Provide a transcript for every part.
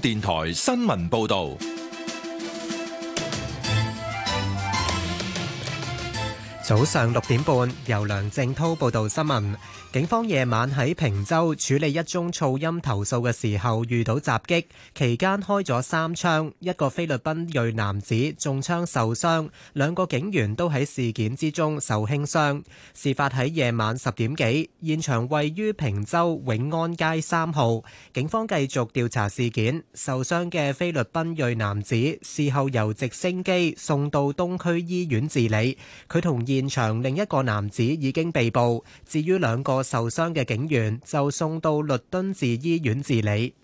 電台新聞報道。早上六點半，由梁正滔報道新聞。警方夜晚喺坪洲處理一宗噪音投訴嘅時候遇到襲擊，期間開咗三槍，一個菲律賓裔男子中槍受傷，兩個警員都喺事件之中受輕傷。事發喺夜晚十點幾，現場位於坪洲永安街三號。警方繼續調查事件，受傷嘅菲律賓裔男子事後由直升機送到東區醫院治理，佢同意。現場另一個男子已經被捕，至於兩個受傷嘅警員就送到律敦治醫院治理。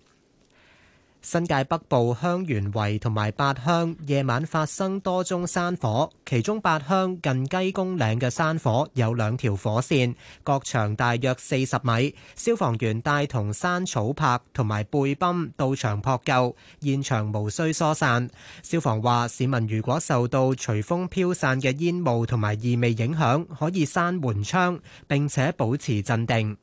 新界北部香園圍同埋八鄉夜晚發生多宗山火，其中八鄉近雞公嶺嘅山火有兩條火線，各長大約四十米。消防員帶同山草拍同埋背泵到場撲救，現場無需疏散。消防話，市民如果受到隨風飄散嘅煙霧同埋異味影響，可以閂門窗，並且保持鎮定。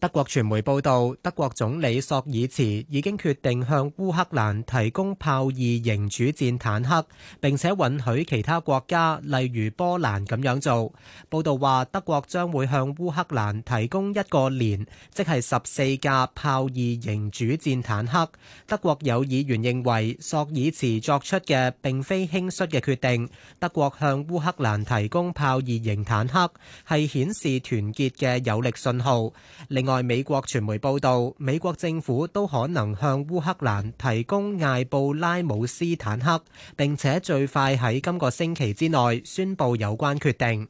德國傳媒報道，德國總理朔爾茨已經決定向烏克蘭提供豹二型主戰坦克，並且允許其他國家，例如波蘭咁樣做。報道話，德國將會向烏克蘭提供一個連，即係十四架豹二型主戰坦克。德國有議員認為，朔爾茨作出嘅並非輕率嘅決定。德國向烏克蘭提供豹二型坦克，係顯示團結嘅有力信號。另內美國傳媒報道，美國政府都可能向烏克蘭提供艾布拉姆斯坦克，並且最快喺今個星期之內宣布有關決定。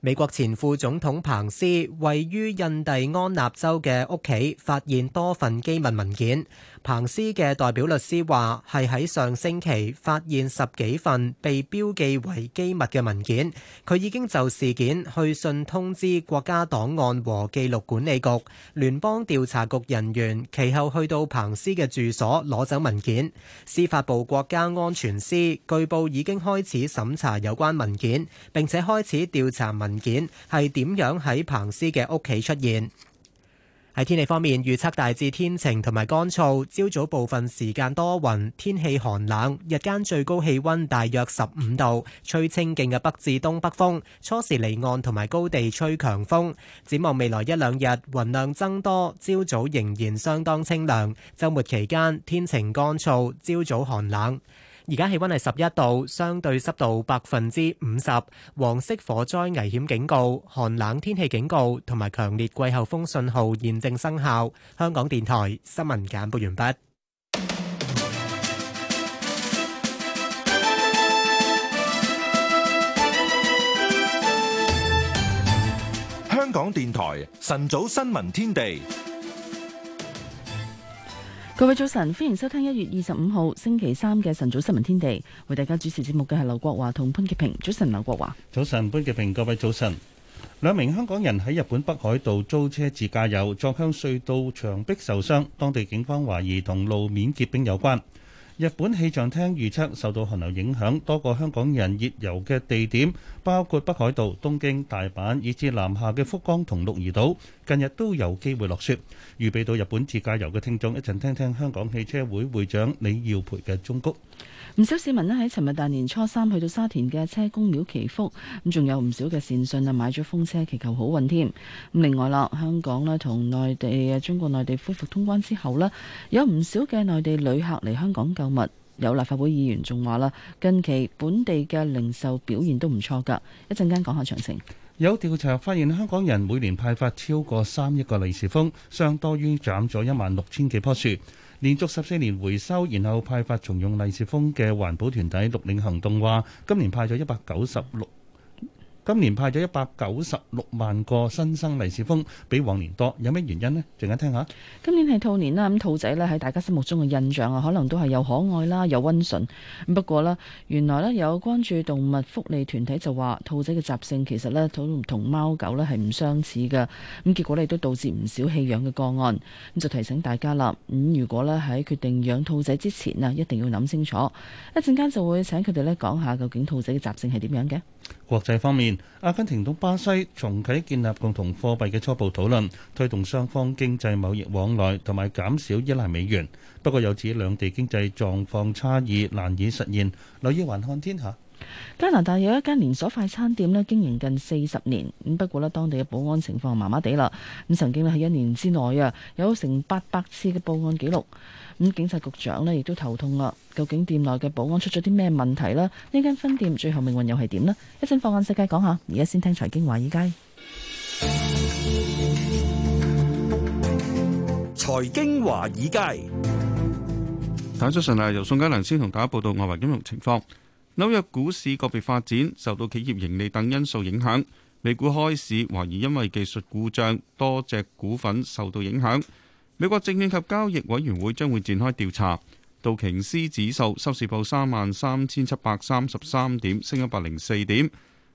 美國前副總統彭斯位於印第安納州嘅屋企發現多份機密文件。彭斯嘅代表律師話，係喺上星期發現十幾份被標記為機密嘅文件，佢已經就事件去信通知國家檔案和記錄管理局、聯邦調查局人員，其後去到彭斯嘅住所攞走文件。司法部國家安全司據報已經開始審查有關文件，並且開始調查文件係點樣喺彭斯嘅屋企出現。喺天氣方面，預測大致天晴同埋乾燥，朝早部分時間多雲，天氣寒冷，日間最高氣溫大約十五度，吹清勁嘅北至東北風，初時離岸同埋高地吹強風。展望未來一兩日，雲量增多，朝早仍然相當清涼。週末期間，天晴乾燥，朝早寒冷。而家氣溫係十一度，相對濕度百分之五十，黃色火災危險警告、寒冷天氣警告同埋強烈季候風信號現正生效。香港電台新聞簡報完畢。香港電台晨早新聞天地。各位早晨，歡迎收聽一月二十五號星期三嘅晨早新聞天地。為大家主持節目嘅係劉國華同潘潔平。早晨，劉國華。早晨，潘潔平。各位早晨。兩名香港人喺日本北海道租車自駕遊，撞向隧道牆壁受傷，當地警方懷疑同路面結冰有關。日本氣象廳預測，受到寒流影響，多個香港人熱遊嘅地點，包括北海道、東京、大阪，以至南下嘅福岡同鹿兒島，近日都有機會落雪。預備到日本自駕遊嘅聽眾，一陣聽聽香港汽車會會長李耀培嘅忠告。唔少市民咧喺尋日大年初三去到沙田嘅車公廟祈福，咁仲有唔少嘅善信啊買咗風車祈求好運添。咁另外啦，香港咧同內地啊中國內地恢復通關之後咧，有唔少嘅內地旅客嚟香港購物。有立法會議員仲話啦，近期本地嘅零售表現都唔錯噶。一陣間講下詳情。有調查發現，香港人每年派發超過三億個利是封，相當於斬咗一萬六千幾棵樹。連續十四年回收，然後派發重用利是封嘅環保團體綠領行動話，今年派咗一百九十六。今年派咗一百九十六萬個新生利是封，比往年多，有咩原因呢？陣間聽下。今年係兔年啦，咁兔仔咧喺大家心目中嘅印象啊，可能都係又可愛啦，又溫順。不過呢，原來咧有關注動物福利團體就話，兔仔嘅習性其實咧同同貓狗咧係唔相似嘅。咁結果咧都導致唔少棄養嘅個案。咁就提醒大家啦，咁如果咧喺決定養兔仔之前啊，一定要諗清楚。一陣間就會請佢哋咧講下究竟兔仔嘅習性係點樣嘅。國際方面，阿根廷同巴西重啟建立共同貨幣嘅初步討論，推動雙方經濟貿易往來，同埋減少依賴美元。不過有此，有指兩地經濟狀況差異，難以實現。留意環看天下，加拿大有一間連鎖快餐店咧，經營近四十年咁，不過咧，當地嘅保安情況麻麻地啦。咁曾經咧喺一年之內啊，有成八百次嘅報案記錄。咁警察局長咧亦都頭痛啦，究竟店內嘅保安出咗啲咩問題呢？呢間分店最後命運又係點呢？一陣放眼世界講下，而家先聽財經華爾街。財經華爾街，大家早晨啊！由宋嘉良先同大家報道外圍金融情況。紐約股市個別發展，受到企業盈利等因素影響，美股開市懷疑因為技術故障，多隻股份受到影響。美國證券及交易委員會將會展開調查。道瓊斯指數收市報三萬三千七百三十三點，升一百零四點。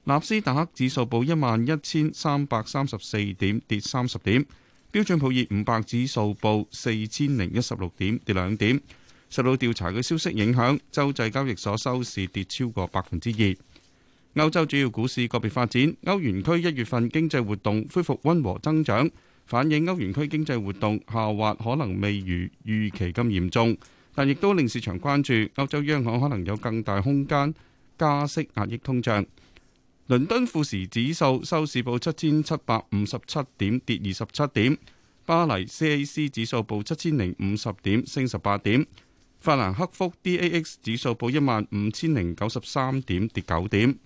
納斯達克指數報一萬一千三百三十四點，跌三十點。標準普爾五百指數報四千零一十六點，跌兩點。受到調查嘅消息影響，洲際交易所收市跌超過百分之二。歐洲主要股市個別發展，歐元區一月份經濟活動恢復溫和增長。反映歐元區經濟活動下滑可能未如預期咁嚴重，但亦都令市場關注歐洲央行可能有更大空間加息壓抑通脹。倫敦富時指數收市報七千七百五十七點，跌二十七點；巴黎 CAC 指數報七千零五十點，升十八點；法蘭克福 DAX 指數報一萬五千零九十三點，跌九點。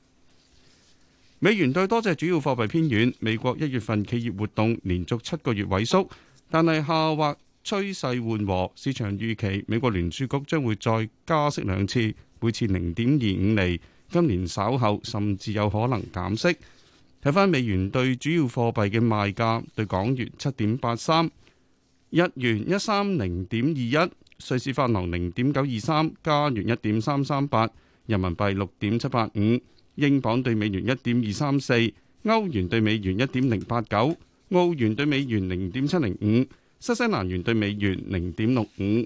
美元兌多隻主要貨幣偏軟，美國一月份企業活動連續七個月萎縮，但係下滑趨勢緩和。市場預期美國聯儲局將會再加息兩次，每次零點二五厘。今年稍後甚至有可能減息。睇返美元兌主要貨幣嘅賣價，對港元七點八三，日元一三零點二一，瑞士法郎零點九二三，加元一點三三八，人民幣六點七八五。英鎊對美元一點二三四，歐元對美元一點零八九，澳元對美元零點七零五，新西蘭元對美元零點六五。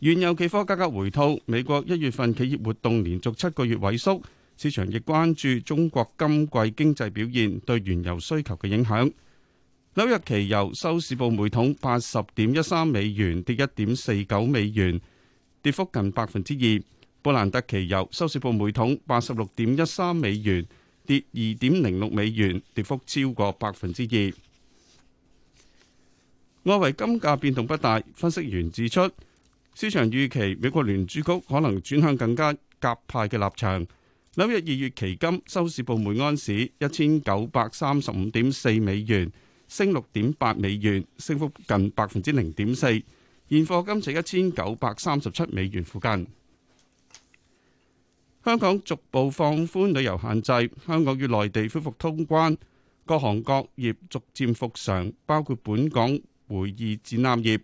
原油期貨價格回吐，美國一月份企業活動連續七個月萎縮，市場亦關注中國今季經濟表現對原油需求嘅影響。紐約期油收市報每桶八十點一三美元，跌一點四九美元，跌幅近百分之二。布蘭特期油收市報每桶八十六點一三美元，跌二點零六美元，跌幅超過百分之二。外圍金價變動不大，分析員指出，市場預期美國聯儲局可能轉向更加鴿派嘅立場。紐約二月期金收市報每安士一千九百三十五點四美元，升六點八美元，升幅近百分之零點四。現貨金在一千九百三十七美元附近。香港逐步放寬旅遊限制，香港與內地恢復通關，各行各業逐漸復常，包括本港會議展覽業。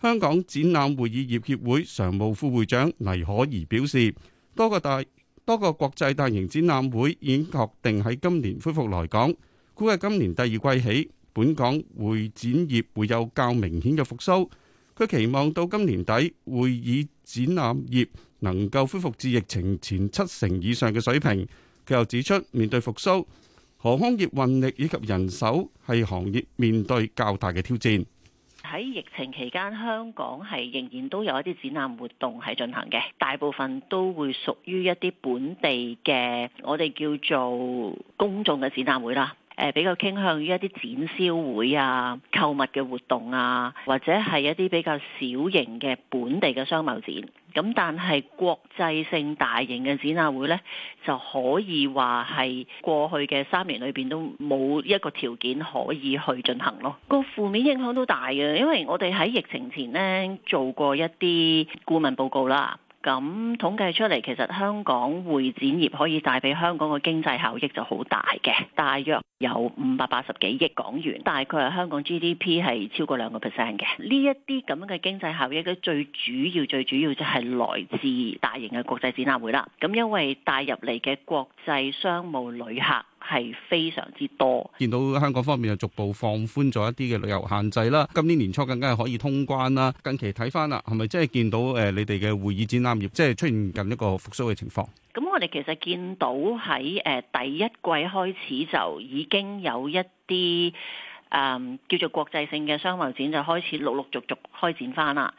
香港展覽會議業協會常務副會長黎可怡表示，多個大多個國際大型展覽會已經確定喺今年恢復來港，估計今年第二季起，本港會展業會有較明顯嘅復甦。佢期望到今年底，會議展覽業能夠恢復至疫情前七成以上嘅水平。佢又指出，面對復甦，航空業運力以及人手係行業面對較大嘅挑戰。喺疫情期間，香港係仍然都有一啲展覽活動係進行嘅，大部分都會屬於一啲本地嘅我哋叫做公眾嘅展覽會啦。誒比較傾向於一啲展銷會啊、購物嘅活動啊，或者係一啲比較小型嘅本地嘅商貿展。咁但係國際性大型嘅展覽會呢，就可以話係過去嘅三年裏邊都冇一個條件可以去進行咯。個負面影響都大嘅，因為我哋喺疫情前呢，做過一啲顧問報告啦。咁統計出嚟，其實香港會展業可以帶俾香港嘅經濟效益就好大嘅，大約有五百八十幾億港元，大概係香港 GDP 係超過兩個 percent 嘅。呢一啲咁樣嘅經濟效益嘅最主要、最主要就係來自大型嘅國際展覽會啦。咁因為帶入嚟嘅國際商務旅客。係非常之多，見到香港方面又逐步放寬咗一啲嘅旅遊限制啦。今年年初更加係可以通關啦。近期睇翻啦，係咪即係見到誒、呃、你哋嘅會議展覽業即係出現近一個復甦嘅情況？咁我哋其實見到喺誒、呃、第一季開始就已經有一啲誒、呃、叫做國際性嘅商貿展就開始陸陸續續開展翻啦。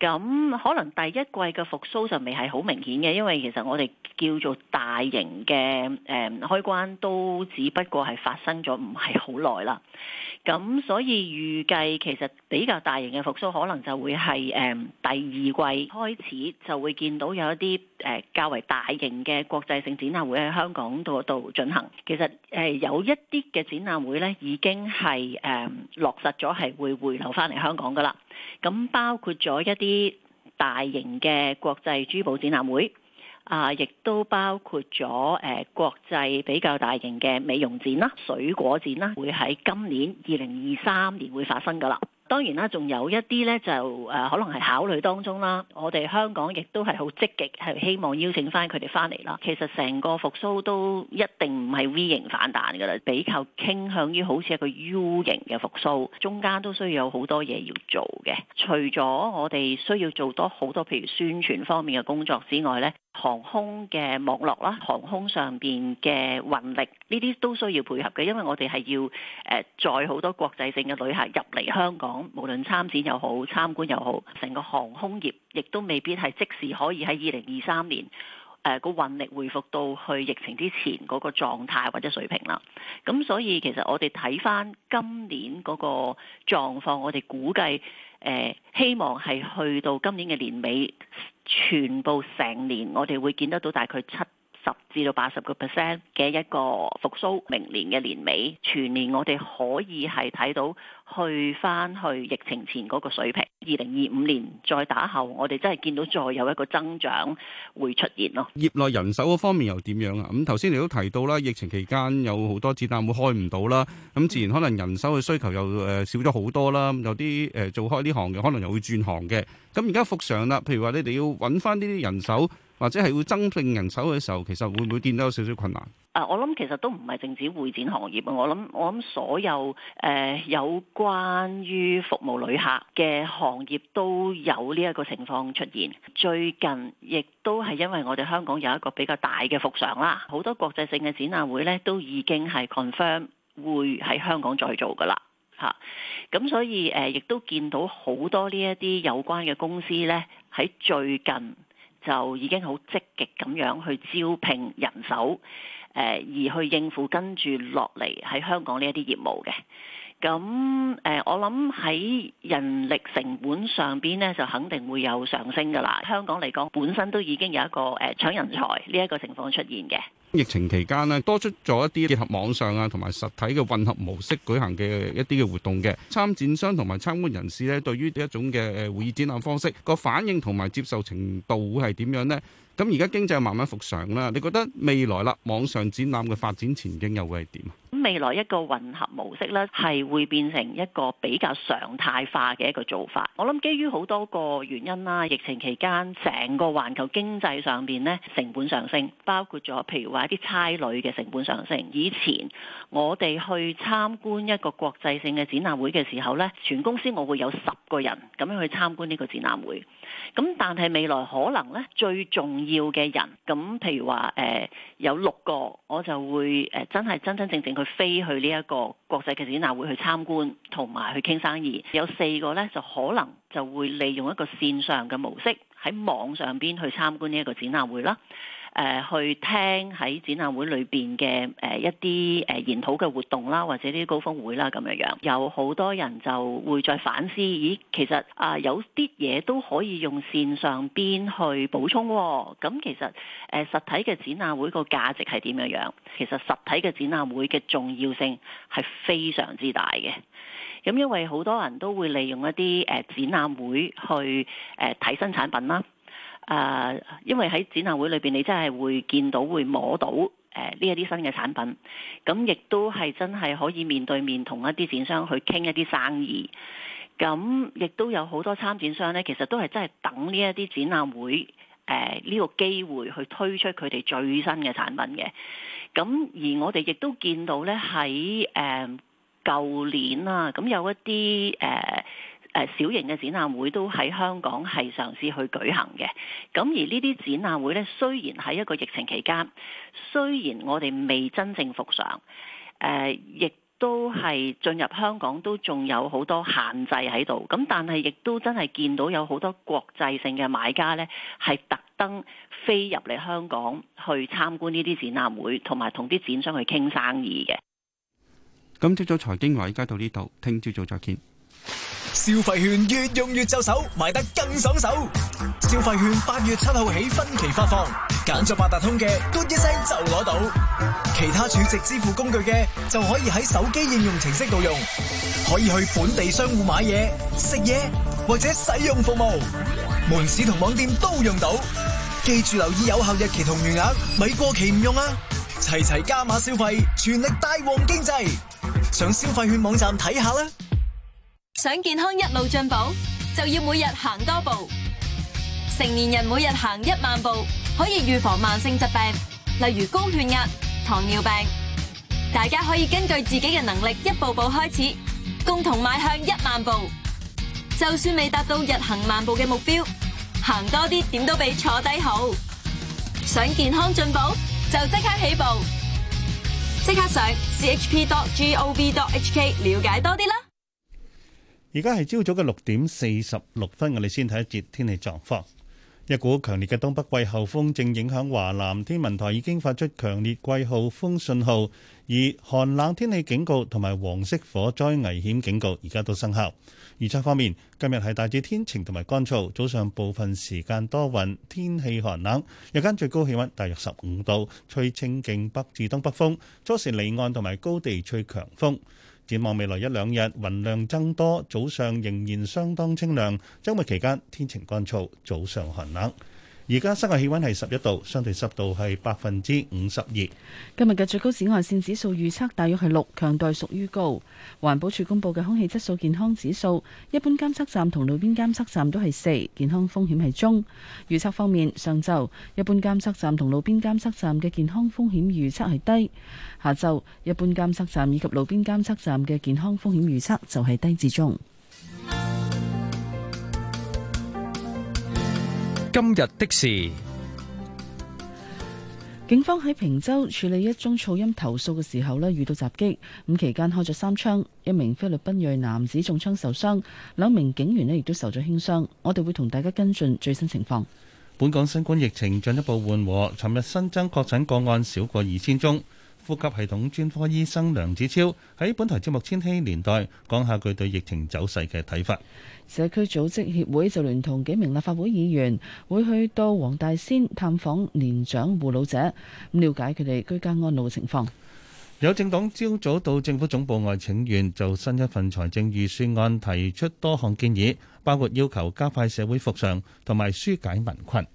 咁可能第一季嘅復甦就未係好明顯嘅，因為其實我哋叫做大型嘅誒、呃、開關都只不過係發生咗唔係好耐啦。咁所以預計其實比較大型嘅復甦可能就會係誒、呃、第二季開始就會見到有一啲誒、呃、較為大型嘅國際性展覽會喺香港度度進行。其實誒、呃、有一啲嘅展覽會咧已經係誒、呃、落實咗係會回流翻嚟香港噶啦。咁包括咗一啲。啲大型嘅國際珠寶展覽會啊，呃，亦都包括咗誒、呃、國際比較大型嘅美容展啦、水果展啦，會喺今年二零二三年會發生噶啦。當然啦，仲有一啲咧就誒、呃，可能係考慮當中啦。我哋香港亦都係好積極，係希望邀請返佢哋返嚟啦。其實成個復蘇都一定唔係 V 型反彈㗎啦，比較傾向於好似一個 U 型嘅復蘇，中間都需要有好多嘢要做嘅。除咗我哋需要做多好多，譬如宣傳方面嘅工作之外咧，航空嘅網絡啦，航空上面嘅運力。呢啲都需要配合嘅，因為我哋係要誒載好多國際性嘅旅客入嚟香港，無論參展又好參觀又好，成個航空業亦都未必係即時可以喺二零二三年誒個、呃、運力回復到去疫情之前嗰個狀態或者水平啦。咁所以其實我哋睇翻今年嗰個狀況，我哋估計誒、呃、希望係去到今年嘅年尾，全部成年我哋會見得到大概七。十至到八十個 percent 嘅一個復蘇，明年嘅年尾，全年我哋可以係睇到去翻去疫情前嗰個水平。二零二五年再打後，我哋真係見到再有一個增長會出現咯。業內人手嗰方面又點樣啊？咁頭先你都提到啦，疫情期間有好多節目會開唔到啦，咁自然可能人手嘅需求又誒少咗好多啦。有啲誒做開呢行嘅，可能又會轉行嘅。咁而家復常啦，譬如話你哋要揾翻呢啲人手。或者係會增聘人手嘅時候，其實會唔會見到有少少困難？啊，我諗其實都唔係淨止會展行業啊，我諗我諗所有誒、呃、有關於服務旅客嘅行業都有呢一個情況出現。最近亦都係因為我哋香港有一個比較大嘅復常啦，好多國際性嘅展覽會呢都已經係 confirm 會喺香港再做噶啦，嚇、啊。咁所以誒，亦、呃、都見到好多呢一啲有關嘅公司呢喺最近。就已經好積極咁樣去招聘人手，誒而去應付跟住落嚟喺香港呢一啲業務嘅。咁誒、呃，我諗喺人力成本上邊呢，就肯定會有上升噶啦。香港嚟講，本身都已經有一個誒搶、呃、人才呢一個情況出現嘅。疫情期間呢，多出咗一啲結合網上啊，同埋實體嘅混合模式舉行嘅一啲嘅活動嘅參展商同埋參觀人士呢，對於一種嘅誒會議展覽方式個反應同埋接受程度會係點樣呢？咁而家經濟慢慢復常啦，你覺得未來啦，網上展覽嘅發展前景又會係點？咁未來一個混合模式咧，係會變成一個比較常態化嘅一個做法。我諗基於好多個原因啦，疫情期間成個環球經濟上邊咧，成本上升，包括咗譬如話一啲差旅嘅成本上升。以前我哋去參觀一個國際性嘅展覽會嘅時候咧，全公司我會有十個人咁樣去參觀呢個展覽會，咁但係未來可能咧，最重要嘅人，咁譬如話誒有六個我就會誒真係真真正正，正。去飛去呢一個國際嘅展覽會去參觀，同埋去傾生意，有四個咧就可能就會利用一個線上嘅模式喺網上邊去參觀呢一個展覽會啦。誒去聽喺展覽會裏邊嘅誒一啲誒研討嘅活動啦，或者啲高峰會啦咁樣樣，有好多人就會再反思，咦，其實啊有啲嘢都可以用線上邊去補充。哦，咁、嗯、其實誒實體嘅展覽會個價值係點樣樣？其實實體嘅展覽會嘅重要性係非常之大嘅，咁、嗯、因為好多人都會利用一啲誒、呃、展覽會去誒睇、呃、新產品啦。啊，uh, 因為喺展覽會裏邊，你真係會見到、會摸到誒呢一啲新嘅產品，咁亦都係真係可以面對面同一啲展商去傾一啲生意，咁亦都有好多參展商呢，其實都係真係等呢一啲展覽會誒呢、呃呢個機會去推出佢哋最新嘅產品嘅。咁而我哋亦都見到呢，喺誒舊年啊，咁有一啲誒、呃誒，小型嘅展覽會都喺香港係嘗試去舉行嘅。咁而呢啲展覽會呢，雖然喺一個疫情期間，雖然我哋未真正復常，誒、呃，亦都係進入香港都仲有好多限制喺度。咁但係亦都真係見到有好多國際性嘅買家呢，係特登飛入嚟香港去參觀呢啲展覽會同埋同啲展商去傾生意嘅。嗯，咁朝早財經話，而家到呢度，聽朝早再見。消費券越用越就手，買得更爽手。消費券八月七號起分期發放，揀咗八達通嘅，嘟一聲就攞到；其他儲值支付工具嘅，就可以喺手機應用程式度用。可以去本地商戶買嘢、食嘢或者使用服務，門市同網店都用到。記住留意有效日期同餘額，咪過期唔用啊！齊齊加碼消費，全力帶旺經濟，上消費券網站睇下啦。想健康一路進步，就要每日行多步。成年人每日行一萬步可以預防慢性疾病，例如高血壓、糖尿病。大家可以根據自己嘅能力一步步開始，共同邁向一萬步。就算未達到日行萬步嘅目標，行多啲點都比坐低好。想健康進步，就即刻起步，即刻上 chp.gov.hk 了解多啲啦。而家係朝早嘅六點四十六分，我哋先睇一節天氣狀況。一股強烈嘅東北季候風正影響華南，天文台已經發出強烈季候風信號，而寒冷天氣警告同埋黃色火災危險警告而家都生效。預測方面，今日係大致天晴同埋乾燥，早上部分時間多雲，天氣寒冷，日間最高氣溫大約十五度，吹清勁北至東北風，初時離岸同埋高地吹強風。展望未來一兩日，雲量增多，早上仍然相當清涼。週末期間天晴乾燥，早上寒冷。而家室外氣溫係十一度，相對濕度係百分之五十二。今日嘅最高紫外線指數預測大約係六，強度屬於高。環保署公佈嘅空氣質素健康指數，一般監測站同路邊監測站都係四，健康風險係中。預測方面，上晝一般監測站同路邊監測站嘅健康風險預測係低，下晝一般監測站以及路邊監測站嘅健康風險預測就係低至中。今日的事，警方喺坪洲處理一宗噪音投訴嘅時候呢，遇到襲擊，咁期間開咗三槍，一名菲律賓裔男子中槍受傷，兩名警員呢亦都受咗輕傷。我哋會同大家跟進最新情況。本港新冠疫情進一步緩和，尋日新增確診個案少過二千宗。呼吸系統專科醫生梁子超喺本台節目《千禧年代》講下佢對疫情走勢嘅睇法。社區組織協會就聯同幾名立法會議員會去到黃大仙探訪年長護老者，咁了解佢哋居家安老嘅情況。有政黨朝早到政府總部外請願，就新一份財政預算案提出多項建議，包括要求加快社會復常同埋疏解民困。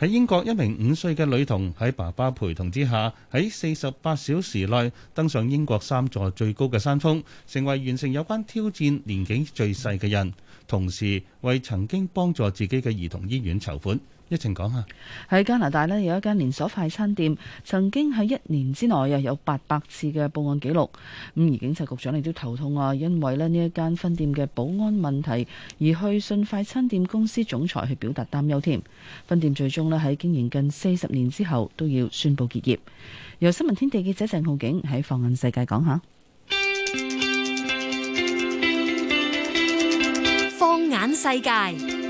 喺英國，一名五歲嘅女童喺爸爸陪同之下，喺四十八小時內登上英國三座最高嘅山峰，成為完成有關挑戰年紀最細嘅人，同時為曾經幫助自己嘅兒童醫院籌款。一情講下喺加拿大咧，有一間連鎖快餐店曾經喺一年之內又有八百次嘅報案記錄，咁而警察局長亦都頭痛啊，因為咧呢一間分店嘅保安問題而去信快餐店公司總裁去表達擔憂添。分店最終咧喺經營近四十年之後都要宣布結業。由新聞天地記者鄭浩景喺放眼世界講下，放眼世界。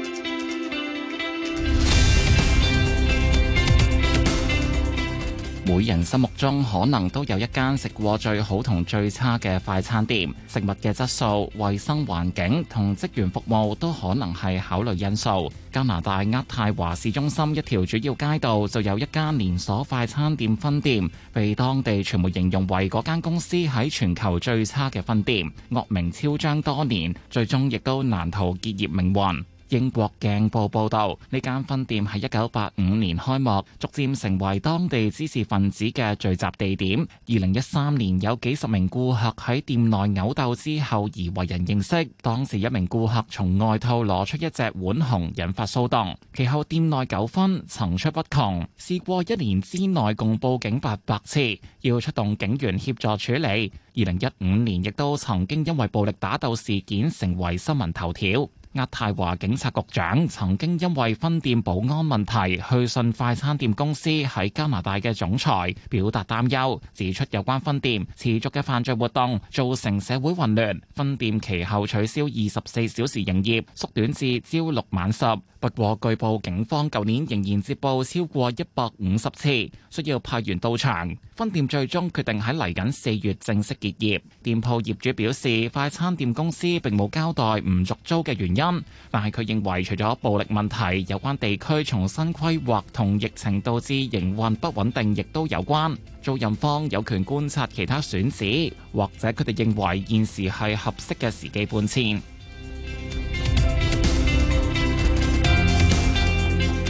每人心目中可能都有一間食過最好同最差嘅快餐店，食物嘅質素、衛生環境同職員服務都可能係考慮因素。加拿大渥太華市中心一條主要街道就有一間連鎖快餐店分店，被當地傳媒形容為嗰間公司喺全球最差嘅分店，惡名昭彰多年，最終亦都難逃結業命運。英國鏡報報導，呢間分店喺一九八五年開幕，逐漸成為當地知識分子嘅聚集地點。二零一三年有幾十名顧客喺店內毆鬥之後而為人認識，當時一名顧客從外套攞出一隻碗紅，引發騷動。其後店內糾紛層出不窮，試過一年之內共報警八百次，要出動警員協助處理。二零一五年亦都曾經因為暴力打鬥事件成為新聞頭條。渥太華警察局長曾經因為分店保安問題，去信快餐店公司喺加拿大嘅總裁，表達擔憂，指出有關分店持續嘅犯罪活動，造成社會混亂。分店其後取消二十四小時營業，縮短至朝六晚十。不過據報警方舊年仍然接報超過一百五十次，需要派員到場。分店最終決定喺嚟緊四月正式結業。店鋪業主表示，快餐店公司並冇交代唔續租嘅原因。因，但係佢認為除咗暴力問題，有關地區重新規劃同疫情導致營運不穩定，亦都有關。租任方有權觀察其他選址，或者佢哋認為現時係合適嘅時機搬遷。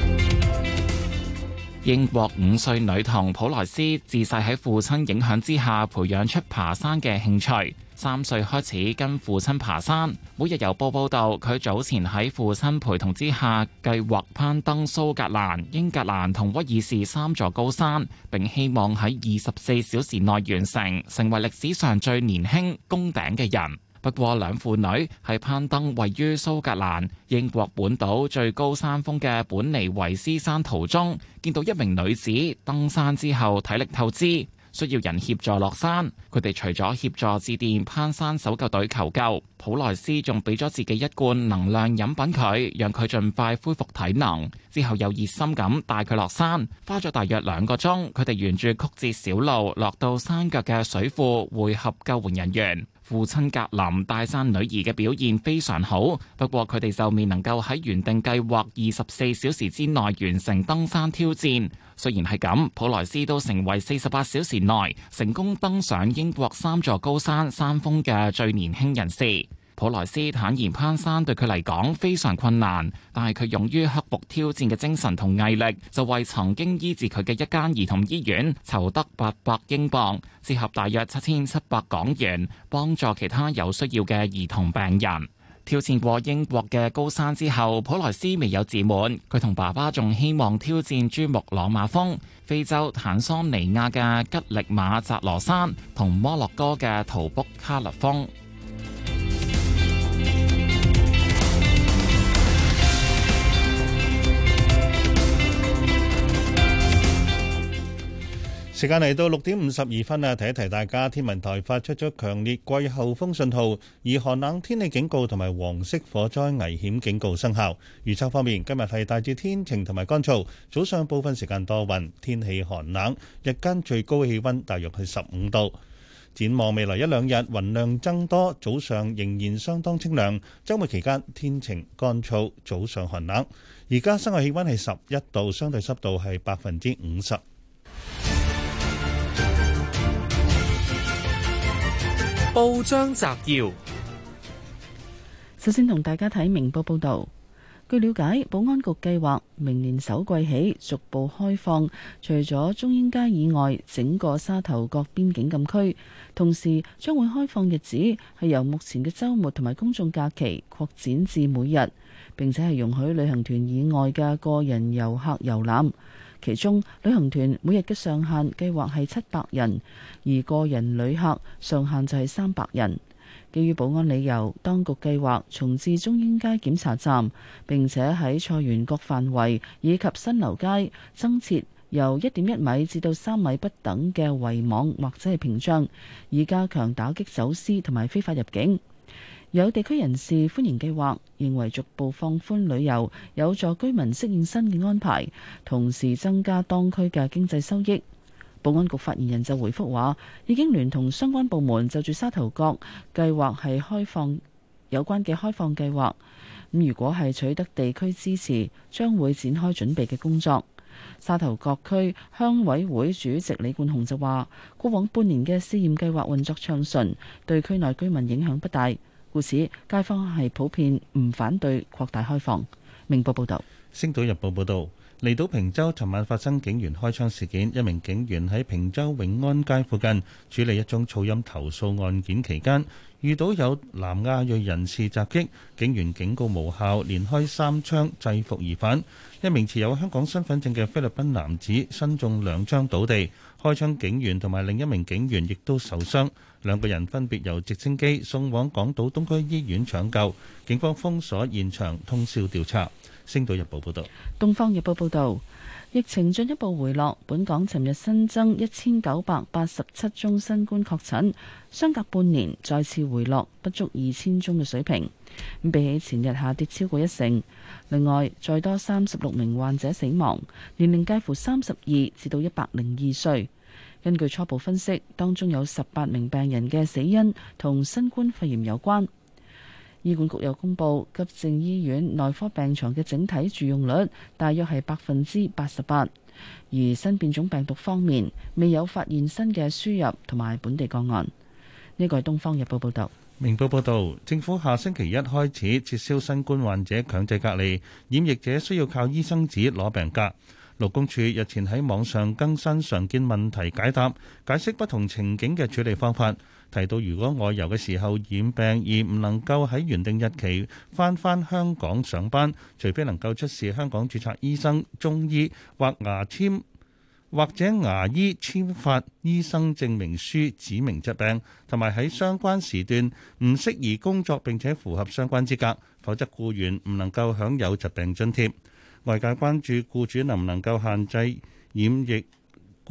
英國五歲女童普萊斯自細喺父親影響之下，培養出爬山嘅興趣。三歲開始跟父親爬山，每日郵報報道佢早前喺父親陪同之下，計劃攀登蘇格蘭、英格蘭同威爾士三座高山，並希望喺二十四小時內完成，成為歷史上最年輕攻頂嘅人。不過，兩父女喺攀登位於蘇格蘭英國本島最高山峰嘅本尼維斯山途中，見到一名女子登山之後體力透支。需要人協助落山，佢哋除咗協助致電攀山搜救隊求救，普萊斯仲俾咗自己一罐能量飲品佢，讓佢盡快恢復體能。之後又熱心咁帶佢落山，花咗大約兩個鐘，佢哋沿住曲折小路，落到山腳嘅水庫匯合救援人員，父親格林帶山女兒嘅表現非常好，不過佢哋就未能夠喺原定計劃二十四小時之內完成登山挑戰。雖然係咁，普萊斯都成為四十八小時內成功登上英國三座高山山峰嘅最年輕人士。普萊斯坦言，攀山對佢嚟講非常困難，但係佢勇於克服挑戰嘅精神同毅力，就為曾經醫治佢嘅一間兒童醫院籌得八百英鎊，折合大約七千七百港元，幫助其他有需要嘅兒童病人。挑戰過英國嘅高山之後，普萊斯未有自滿。佢同爸爸仲希望挑戰珠穆朗瑪峰、非洲坦桑尼亞嘅吉力馬扎羅山同摩洛哥嘅圖卜卡勒峰。時間嚟到六點五十二分啊！提一提大家，天文台發出咗強烈季候風信號，而寒冷天氣警告同埋黃色火災危險警告生效。預測方面，今日係大致天晴同埋乾燥，早上部分時間多雲，天氣寒冷，日間最高氣温大約係十五度。展望未來一兩日，雲量增多，早上仍然相當清涼。周末期間天晴乾燥，早上寒冷。而家室外氣温係十一度，相對濕度係百分之五十。報章摘要：首先同大家睇明報報道。據了解，保安局計劃明年首季起逐步開放，除咗中英街以外，整個沙頭角邊境禁區。同時，將會開放日子係由目前嘅周末同埋公眾假期擴展至每日，並且係容許旅行團以外嘅個人遊客遊覽。其中旅行團每日嘅上限計劃係七百人，而個人旅客上限就係三百人。基於保安理由，當局計劃重置中英街檢查站，並且喺菜園角範圍以及新樓街增設由一點一米至到三米不等嘅圍網或者係屏障，以加強打擊走私同埋非法入境。有地區人士歡迎計劃，認為逐步放寬旅遊有助居民適應新嘅安排，同時增加當區嘅經濟收益。保安局發言人就回覆話：已經聯同相關部門就住沙頭角計劃係開放有關嘅開放計劃。咁如果係取得地區支持，將會展開準備嘅工作。沙頭角區鄉委會主席李冠雄就話，過往半年嘅試驗計劃運作暢順，對區內居民影響不大。故事街坊係普遍唔反對擴大開放。明報報道，星島日報報道，離島坪洲尋晚發生警員開槍事件，一名警員喺坪洲永安街附近處理一宗噪音投訴案件期間，遇到有南亞裔人士襲擊，警員警告無效，連開三槍制服疑犯，一名持有香港身份證嘅菲律賓男子身中兩槍倒地。開槍警員同埋另一名警員亦都受傷，兩個人分別由直升機送往港島東區醫院搶救。警方封鎖現場通宵調查。星島日報報道。東方日報報道。疫情進一步回落，本港尋日新增一千九百八十七宗新冠確診，相隔半年再次回落，不足二千宗嘅水平。比起前日下跌超過一成。另外，再多三十六名患者死亡，年齡介乎三十二至到一百零二歲。根據初步分析，當中有十八名病人嘅死因同新冠肺炎有關。醫管局又公布，急症醫院內科病床嘅整體住用率大約係百分之八十八，而新變種病毒方面未有發現新嘅輸入同埋本地個案。呢個係東方日報報道。明報報道，政府下星期一開始撤銷新冠患者強制隔離，染疫者需要靠醫生紙攞病假。勞工處日前喺網上更新常見問題解答，解釋不同情景嘅處理方法。提到如果外遊嘅時候染病，而唔能夠喺原定日期翻返香港上班，除非能夠出示香港註冊醫生、中醫或牙簽或者牙醫簽發醫生證明書，指明疾病同埋喺相關時段唔適宜工作，並且符合相關資格，否則僱員唔能夠享有疾病津貼。外界關注雇主能唔能夠限制染疫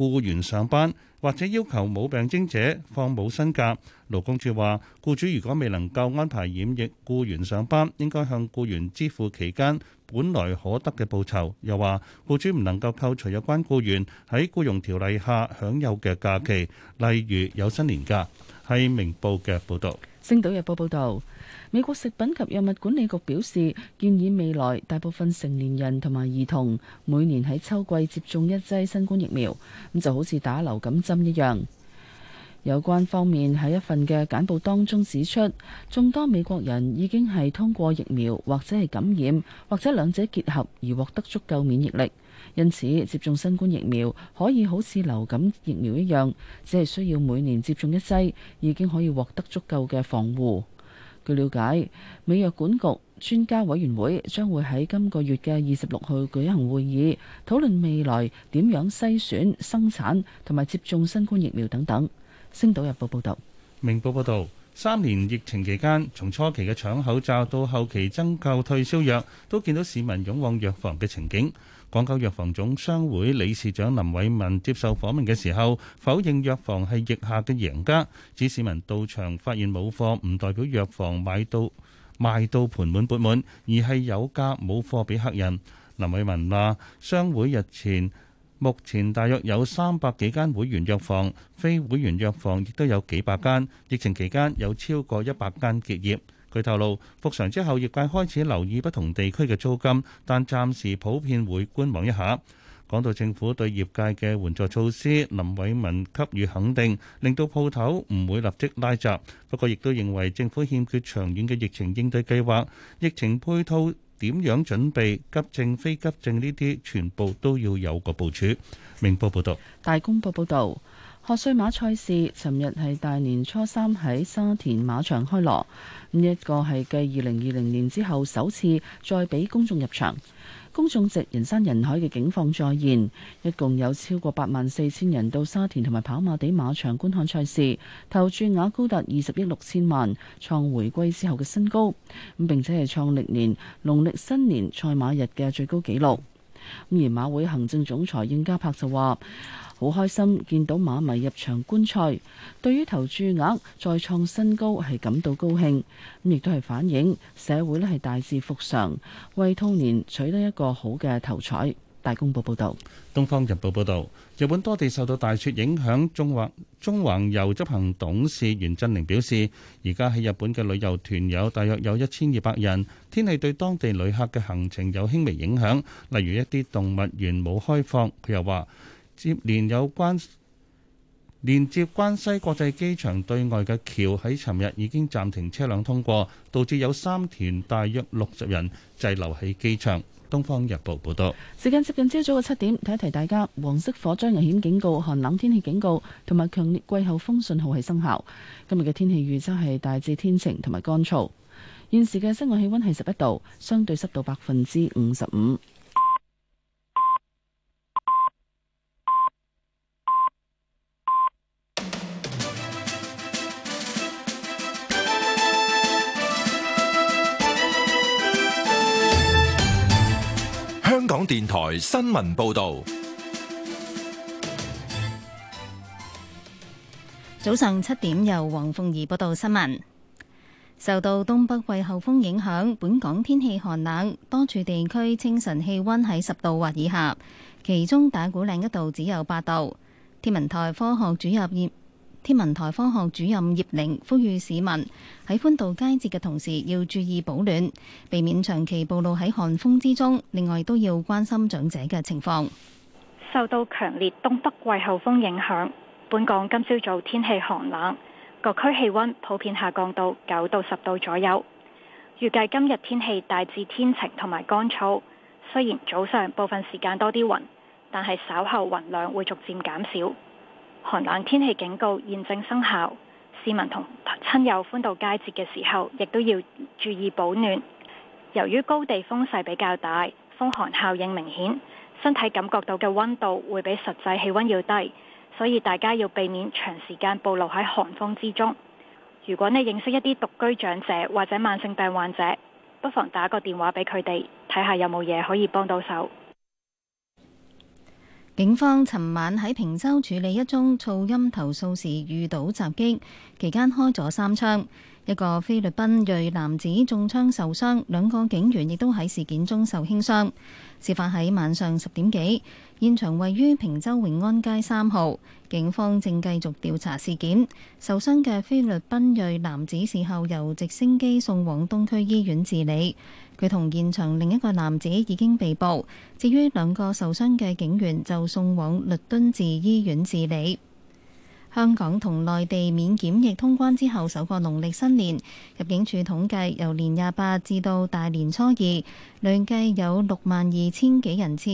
雇員上班或者要求冇病徵者放冇薪假。勞工處話，雇主如果未能夠安排染疫雇員上班，應該向雇員支付期間本來可得嘅報酬。又話，雇主唔能夠扣除有關雇員喺雇傭條例下享有嘅假期，例如有薪年假。係明報嘅報道。星島日報報道。美國食品及藥物管理局表示，建議未來大部分成年人同埋兒童每年喺秋季接種一劑新冠疫苗，咁就好似打流感針一樣。有關方面喺一份嘅簡報當中指出，眾多美國人已經係通過疫苗或者係感染或者兩者結合而獲得足夠免疫力，因此接種新冠疫苗可以好似流感疫苗一樣，只係需要每年接種一劑，已經可以獲得足夠嘅防護。據了解，美藥管局專家委員會將會喺今個月嘅二十六號舉行會議，討論未來點樣篩選、生產同埋接種新冠疫苗等等。星島日報報道。明報報道，三年疫情期間，從初期嘅搶口罩到後期增購退燒藥，都見到市民湧往藥房嘅情景。港九藥房總商會理事長林偉文接受訪問嘅時候，否認藥房係疫下嘅贏家，指市民到場發現冇貨，唔代表藥房買到賣到盤滿缽滿，而係有價冇貨俾客人。林偉文話，商會日前目前大約有三百幾間會員藥房，非會員藥房亦都有幾百間，疫情期間有超過一百間結業。據透露，復常之後，業界開始留意不同地區嘅租金，但暫時普遍會觀望一下。講到政府對業界嘅援助措施，林偉文給予肯定，令到鋪頭唔會立即拉閘。不過，亦都認為政府欠缺長遠嘅疫情應對計劃，疫情配套點樣準備、急症非急症呢啲，全部都要有個部署。明報報道。大公報報導。賀歲賽馬賽事，尋日係大年初三喺沙田馬場開鑼，咁一個係繼二零二零年之後首次再俾公眾入場。公眾席人山人海嘅景況再現，一共有超過八萬四千人到沙田同埋跑馬地馬場觀看賽事，投注額高達二十億六千萬，創回歸之後嘅新高，咁並且係創歷年農曆新年賽馬日嘅最高紀錄。而馬會行政總裁應家柏就話：好開心見到馬迷入場觀賽，對於投注額再創新高係感到高興。亦都係反映社會咧係大致復常，為兔年取得一個好嘅頭彩。大公報報道，東方日報報道，日本多地受到大雪影響。縱橫縱橫遊執行董事袁振寧表示，而家喺日本嘅旅遊團友大約有一千二百人。天氣對當地旅客嘅行程有輕微影響，例如一啲動物園冇開放。佢又話，接連有關連接關西國際機場對外嘅橋喺尋日已經暫停車輛通過，導致有三團大約六十人滯留喺機場。《東方日報》報道，時間接近朝早嘅七點，提一提大家黃色火災危險警告、寒冷天氣警告同埋強烈季候風信號係生效。今日嘅天氣預測係大致天晴同埋乾燥。現時嘅室外氣温係十一度，相對濕度百分之五十五。香港電台新聞報道。早上七點，由黃鳳儀報道新聞。受到東北季候風影響，本港天氣寒冷，多處地區清晨氣溫喺十度或以下，其中打鼓嶺一度只有八度。天文台科學主任葉天文台科學主任葉寧呼籲市民喺歡度佳節嘅同時，要注意保暖，避免長期暴露喺寒風之中。另外，都要關心長者嘅情況。受到強烈東北季候風影響，本港今朝早天氣寒冷，各區氣溫普遍下降到九到十度左右。預計今日天氣大致天晴同埋乾燥，雖然早上部分時間多啲雲，但係稍後雲量會逐漸減少。寒冷天氣警告現正生效，市民同親友歡度佳節嘅時候，亦都要注意保暖。由於高地風勢比較大，風寒效應明顯，身體感覺到嘅温度會比實際氣温要低，所以大家要避免長時間暴露喺寒風之中。如果你認識一啲獨居長者或者慢性病患者，不妨打個電話俾佢哋，睇下有冇嘢可以幫到手。警方尋晚喺坪洲處理一宗噪音投訴時，遇到襲擊，期間開咗三槍。一個菲律賓裔男子中槍受傷，兩個警員亦都喺事件中受輕傷。事發喺晚上十點幾，現場位於坪洲永安街三號，警方正繼續調查事件。受傷嘅菲律賓裔男子事後由直升機送往東區醫院治理，佢同現場另一個男子已經被捕。至於兩個受傷嘅警員就送往律敦治醫院治理。香港同內地免檢疫通關之後，首個農曆新年，入境處統計由年廿八至到大年初二，累計有六萬二千幾人次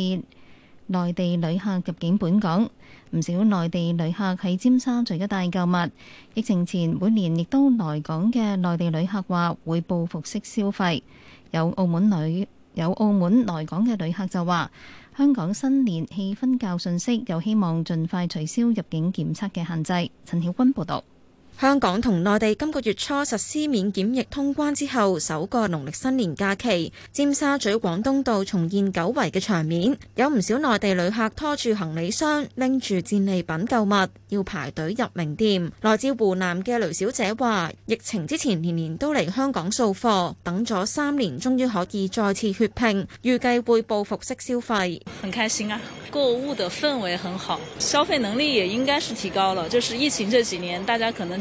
內地旅客入境本港。唔少內地旅客喺尖沙咀一帶購物。疫情前每年亦都來港嘅內地旅客話會報復式消費。有澳門旅有澳門來港嘅旅客就話：香港新年氣氛較遜色，有希望盡快取消入境檢測嘅限制。陳曉君報導。香港同內地今個月初實施免檢疫通關之後，首個農曆新年假期，尖沙咀廣東道重現久違嘅場面，有唔少內地旅客拖住行李箱，拎住戰利品購物，要排隊入名店。來自湖南嘅雷小姐話，疫情之前年年都嚟香港掃貨，等咗三年，終於可以再次血拼，預計會報復式消費。很開心啊，購物嘅氛圍很好，消費能力也應該是提高了。就是疫情這幾年，大家可能，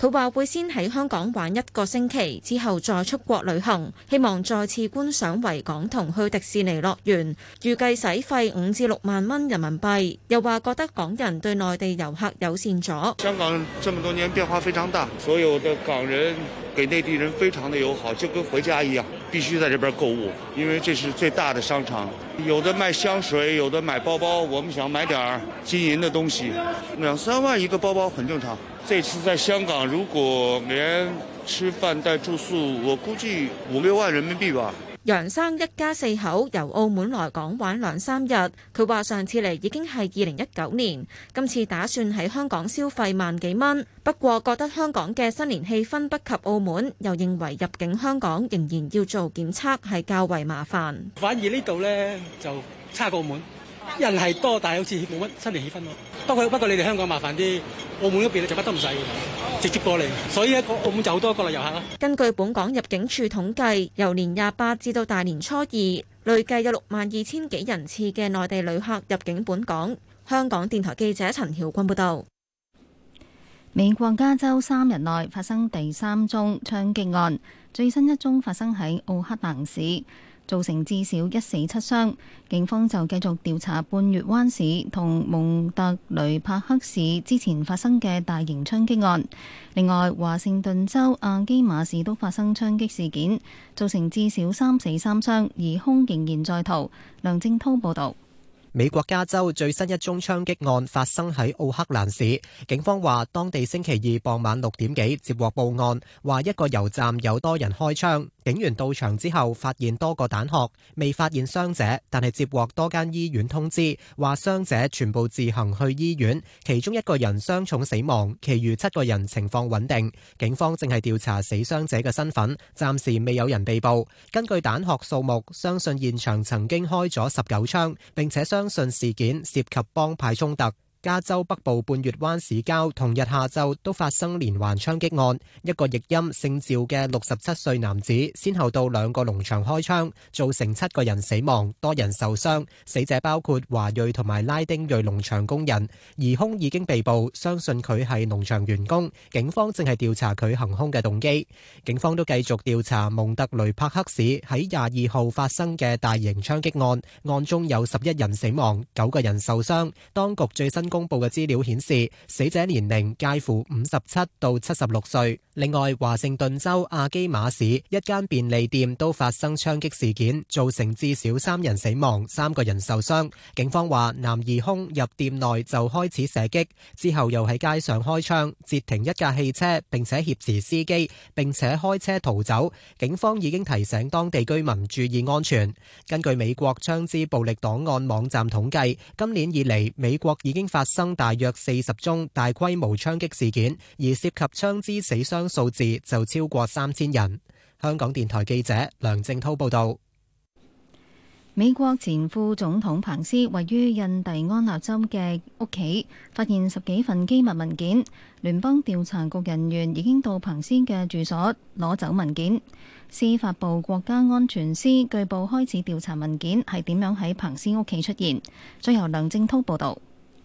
佢話會先喺香港玩一個星期，之後再出國旅行，希望再次觀賞維港同去迪士尼樂園，預計使費五至六萬蚊人民幣。又話覺得港人對內地遊客友善咗。香港這麼多年變化非常大，所有的港人給內地人非常的友好，就跟回家一樣。必須在這邊購物，因為這是最大的商場，有的賣香水，有的買包包。我們想買點金銀的東西，兩三萬一個包包很正常。這次在香港，如果連吃飯帶住宿，我估計五六萬人民幣吧。楊生一家四口由澳門來港玩兩三日，佢話上次嚟，已經係二零一九年，今次打算喺香港消費萬幾蚊。不過覺得香港嘅新年氣氛不及澳門，又認為入境香港仍然要做檢測，係較為麻煩。反而呢度咧，就差過澳門。人係多，但係好似冇乜新年氣氛咯。不過不過，你哋香港麻煩啲，澳門嗰邊就乜都唔使，直接過嚟。所以咧，澳門就好多國內遊客咯。根據本港入境處統計，由年廿八至到大年初二，累計有六萬二千幾人次嘅內地旅客入境本港。香港電台記者陳曉君報導。美國加州三日內發生第三宗槍擊案，最新一宗發生喺奧克蘭市。造成至少一死七傷，警方就繼續調查半月灣市同蒙特雷帕克市之前發生嘅大型槍擊案。另外，華盛頓州亞基馬市都發生槍擊事件，造成至少三死三傷，而兇嫌仍然在逃。梁正濤報道。美國加州最新一宗槍擊案發生喺奧克蘭市，警方話當地星期二傍晚六點幾接獲報案，話一個油站有多人開槍。警員到場之後發現多個彈殼，未發現傷者，但係接獲多間醫院通知，話傷者全部自行去醫院，其中一個人傷重死亡，其餘七個人情況穩定。警方正係調查死傷者嘅身份，暫時未有人被捕。根據彈殼數目，相信現場曾經開咗十九槍，並且傷。相信事件涉及幫派衝突。加州北部半月灣市郊同日下晝都發生連環槍擊案，一個譯音姓趙嘅六十七歲男子先後到兩個農場開槍，造成七個人死亡，多人受傷，死者包括華裔同埋拉丁裔農場工人。疑兇已經被捕，相信佢係農場員工，警方正係調查佢行兇嘅動機。警方都繼續調查蒙特雷帕克市喺廿二號發生嘅大型槍擊案，案中有十一人死亡，九個人受傷，當局最新。公布嘅資料顯示，死者年齡介乎五十七到七十六歲。另外，華盛頓州亞基馬市一間便利店都發生槍擊事件，造成至少三人死亡、三個人受傷。警方話，男疑兇入店內就開始射擊，之後又喺街上開槍截停一架汽車，並且挾持司機，並且開車逃走。警方已經提醒當地居民注意安全。根據美國槍支暴力檔案網站統計，今年以嚟美國已經發生大約四十宗大規模槍擊事件，而涉及槍支死傷數字就超過三千人。香港電台記者梁正濤報道：美國前副總統彭斯位於印第安納州嘅屋企發現十幾份機密文件，聯邦調查局人員已經到彭斯嘅住所攞走文件。司法部國家安全司據報開始調查文件係點樣喺彭斯屋企出現，將由梁正濤報道。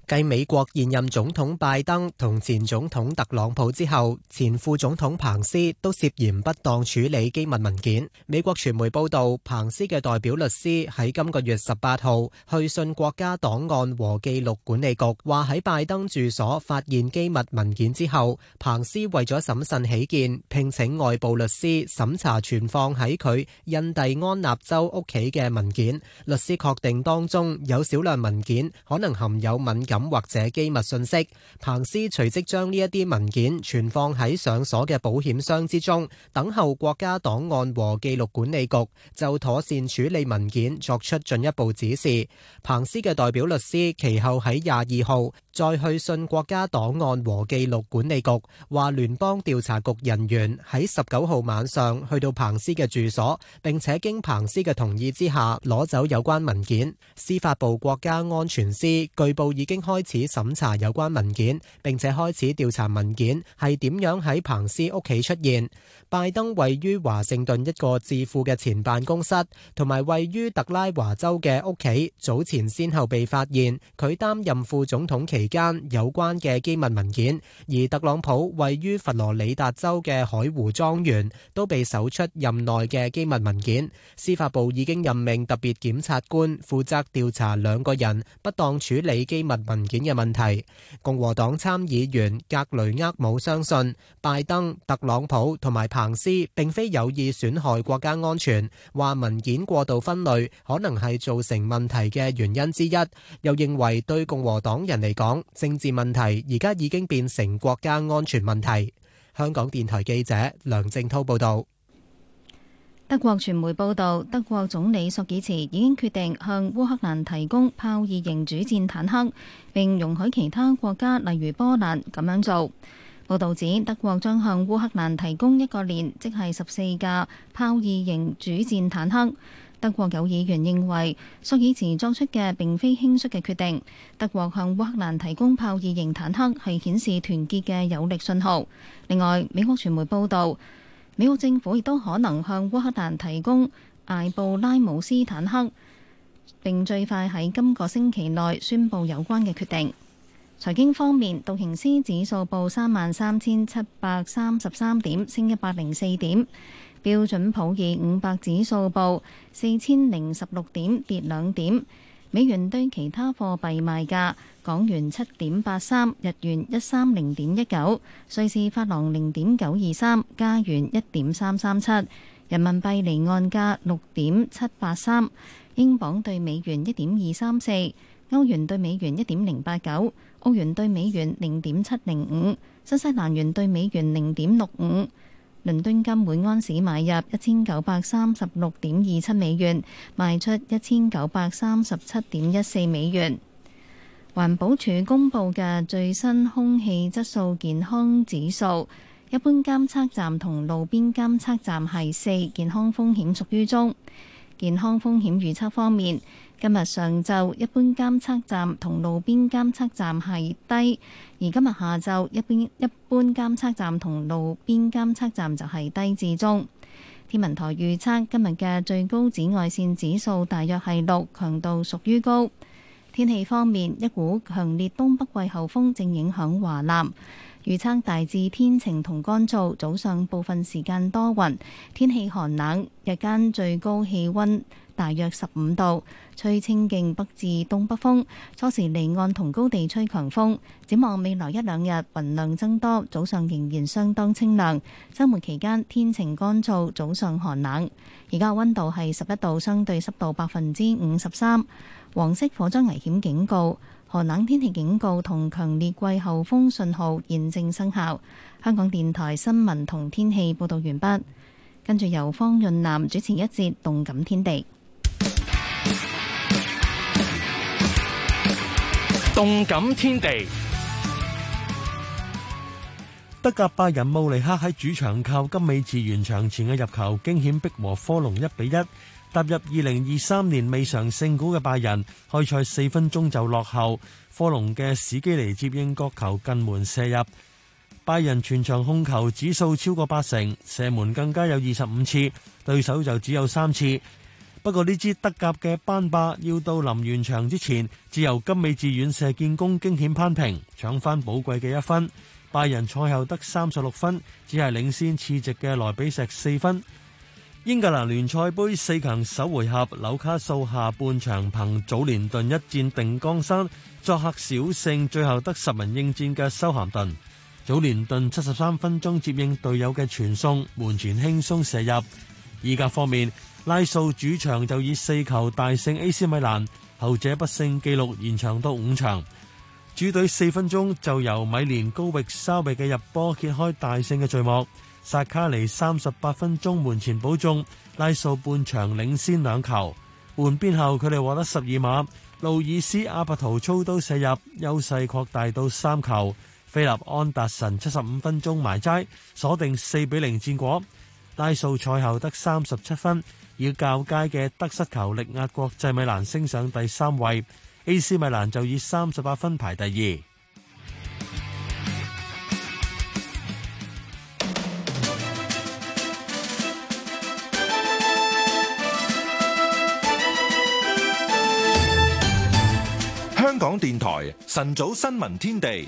繼美國現任總統拜登同前總統特朗普之後，前副總統彭斯都涉嫌不當處理機密文件。美國傳媒報道，彭斯嘅代表律師喺今個月十八號去信國家檔案和記錄管理局，話喺拜登住所發現機密文件之後，彭斯為咗審慎起見，聘請外部律師審查存放喺佢印第安納州屋企嘅文件。律師確定當中有少量文件可能含有敏感。咁或者機密信息，彭斯隨即將呢一啲文件存放喺上鎖嘅保險箱之中，等候國家檔案和記錄管理局就妥善處理文件作出進一步指示。彭斯嘅代表律師其後喺廿二號再去信國家檔案和記錄管理局，話聯邦調查局人員喺十九號晚上去到彭斯嘅住所，並且經彭斯嘅同意之下攞走有關文件。司法部國家安全司據報已經。開始審查有關文件，並且開始調查文件係點樣喺彭斯屋企出現。拜登位於華盛頓一個智庫嘅前辦公室，同埋位於特拉華州嘅屋企早前先後被發現佢擔任副總統期間有關嘅機密文件，而特朗普位於佛羅里達州嘅海湖莊園都被搜出任內嘅機密文件。司法部已經任命特別檢察官負責調查兩個人不當處理機密文件。文件嘅問題，共和黨參議員格雷厄姆相信拜登、特朗普同埋彭斯並非有意損害國家安全，話文件過度分類可能係造成問題嘅原因之一，又認為對共和黨人嚟講，政治問題而家已經變成國家安全問題。香港電台記者梁正濤報道。德國傳媒報道，德國總理朔爾茨已經決定向烏克蘭提供豹二型主戰坦克，並容許其他國家，例如波蘭，咁樣做。報道指，德國將向烏克蘭提供一個連，即係十四架豹二型主戰坦克。德國有議員認為，朔爾茨作出嘅並非輕率嘅決定。德國向烏克蘭提供豹二型坦克，係顯示團結嘅有力信號。另外，美國傳媒報道。美國政府亦都可能向烏克蘭提供艾布拉姆斯坦克，並最快喺今個星期內宣布有關嘅決定。財經方面，道瓊斯指數報三萬三千七百三十三點，升一百零四點；標準普爾五百指數報四千零十六點，跌兩點。美元對其他貨幣賣價：港元七點八三，日元一三零點一九，瑞士法郎零點九二三，加元一點三三七，人民幣離岸價六點七八三，英鎊對美元一點二三四，歐元對美元一點零八九，澳元對美元零點七零五，新西蘭元對美元零點六五。倫敦金每安士買入一千九百三十六點二七美元，賣出一千九百三十七點一四美元。環保署公布嘅最新空氣質素健康指數，一般監測站同路邊監測站係四，健康風險屬於中。健康風險預測方面。今日上晝一般監測站同路邊監測站係低，而今日下晝一,一般一般監測站同路邊監測站就係低至中。天文台預測今日嘅最高紫外線指數大約係六，強度屬於高。天氣方面，一股強烈東北季候風正影響華南，預測大致天晴同乾燥，早上部分時間多雲，天氣寒冷，日間最高氣溫，大約十五度，吹清勁北至東北風，初時離岸同高地吹強風。展望未來一兩日，雲量增多，早上仍然相當清涼。周末期間天晴乾燥，早上寒冷。而家温度係十一度，相對濕度百分之五十三。黃色火災危險警告、寒冷天氣警告同強烈季候風信號現正生效。香港電台新聞同天氣報道完畢，跟住由方潤南主持一節《動感天地》。動感天地，德甲拜仁慕尼黑喺主場靠金尾治完場前嘅入球，驚險逼和科隆一比一。踏入二零二三年未嘗勝果嘅拜仁，開賽四分鐘就落後，科隆嘅史基尼接應角球近門射入。拜仁全場控球指數超過八成，射門更加有二十五次，對手就只有三次。不過呢支德甲嘅班霸要到臨完場之前，自由金美智遠射建功，驚險攀平，搶翻寶貴嘅一分。拜仁賽後得三十六分，只係領先次席嘅萊比錫四分。英格蘭聯賽盃四強首回合，紐卡素下半場憑祖連頓一戰定江山，作客小勝，最後得十人應戰嘅修咸頓。祖連頓七十三分鐘接應隊友嘅傳送，門前輕鬆射入。意甲方面。拉素主場就以四球大勝 AC 米蘭，後者不勝記錄延長到五場。主隊四分鐘就由米連高域沙域嘅入波揭開大勝嘅序幕。薩卡尼三十八分鐘門前保中，拉素半場領先兩球。換邊後佢哋獲得十二碼，路爾斯阿伯圖操刀射入，優勢擴大到三球。菲納安達臣七十五分鐘埋齋，鎖定四比零戰果。拉素賽後得三十七分。要較佳嘅得失球力壓國際米蘭升上第三位，AC 米蘭就以三十八分排第二。香港電台晨早新聞天地。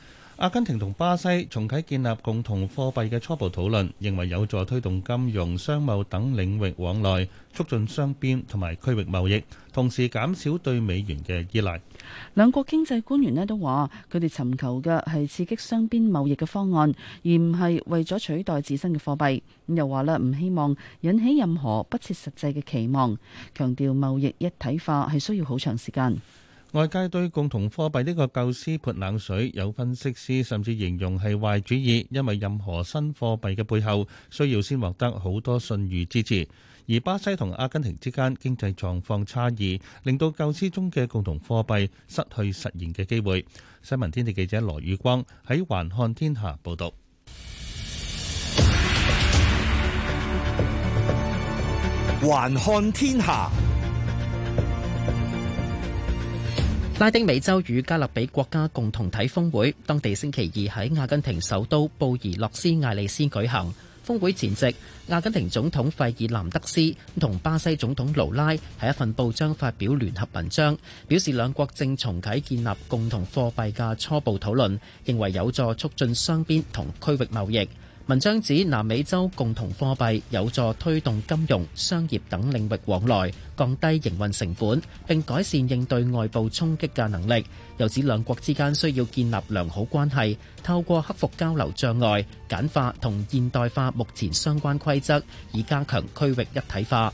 阿根廷同巴西重啟建立共同貨幣嘅初步討論，認為有助推動金融、商貿等領域往來，促進雙邊同埋區域貿易，同時減少對美元嘅依賴。兩國經濟官員咧都話，佢哋尋求嘅係刺激雙邊貿易嘅方案，而唔係為咗取代自身嘅貨幣。咁又話啦，唔希望引起任何不切實際嘅期望，強調貿易一體化係需要好長時間。外界對共同貨幣呢個構思潑冷水，有分析師甚至形容係壞主意，因為任何新貨幣嘅背後需要先獲得好多信譽支持，而巴西同阿根廷之間經濟狀況差異，令到構思中嘅共同貨幣失去實現嘅機會。新聞天地記者羅宇光喺環看天下報道。環看天下。報拉丁美洲與加勒比國家共同體峰會，當地星期二喺阿根廷首都布宜諾斯艾利斯舉行。峰會前夕，阿根廷總統費爾南德斯同巴西總統盧拉喺一份報章發表聯合文章，表示兩國正重啟建立共同貨幣嘅初步討論，認為有助促進雙邊同區域貿易。文章指南美洲共同貨幣有助推動金融、商業等領域往來，降低營運成本，並改善應對外部衝擊嘅能力。又指兩國之間需要建立良好關係，透過克服交流障礙，簡化同現代化目前相關規則，以加強區域一體化。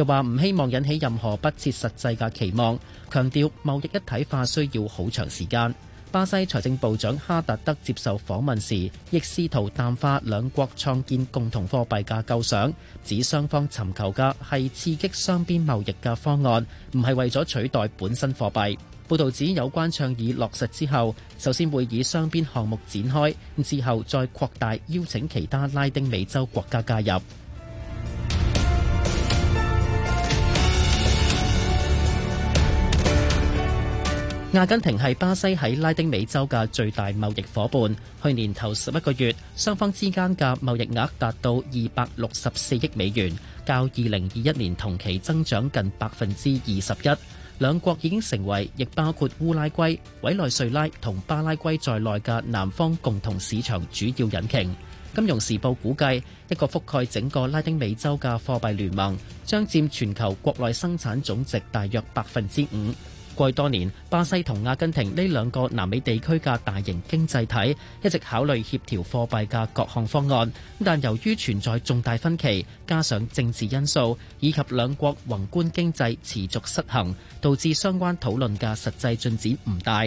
又話唔希望引起任何不切實際嘅期望，強調貿易一體化需要好長時間。巴西財政部長哈達德接受訪問時，亦試圖淡化兩國創建共同貨幣嘅構想，指雙方尋求嘅係刺激雙邊貿易嘅方案，唔係為咗取代本身貨幣。報道指有關倡議落實之後，首先會以雙邊項目展開，之後再擴大邀請其他拉丁美洲國家加入。阿根廷係巴西喺拉丁美洲嘅最大貿易夥伴。去年頭十一個月，雙方之間嘅貿易額達到二百六十四億美元，較二零二一年同期增長近百分之二十一。兩國已經成為，亦包括烏拉圭、委內瑞拉同巴拉圭在內嘅南方共同市場主要引擎。金融時報估計，一個覆蓋整個拉丁美洲嘅貨幣聯盟將佔全球國內生產總值大約百分之五。過去多年，巴西同阿根廷呢兩個南美地區嘅大型經濟體一直考慮協調貨幣嘅各項方案，但由於存在重大分歧，加上政治因素以及兩國宏觀經濟持續失衡，導致相關討論嘅實際進展唔大。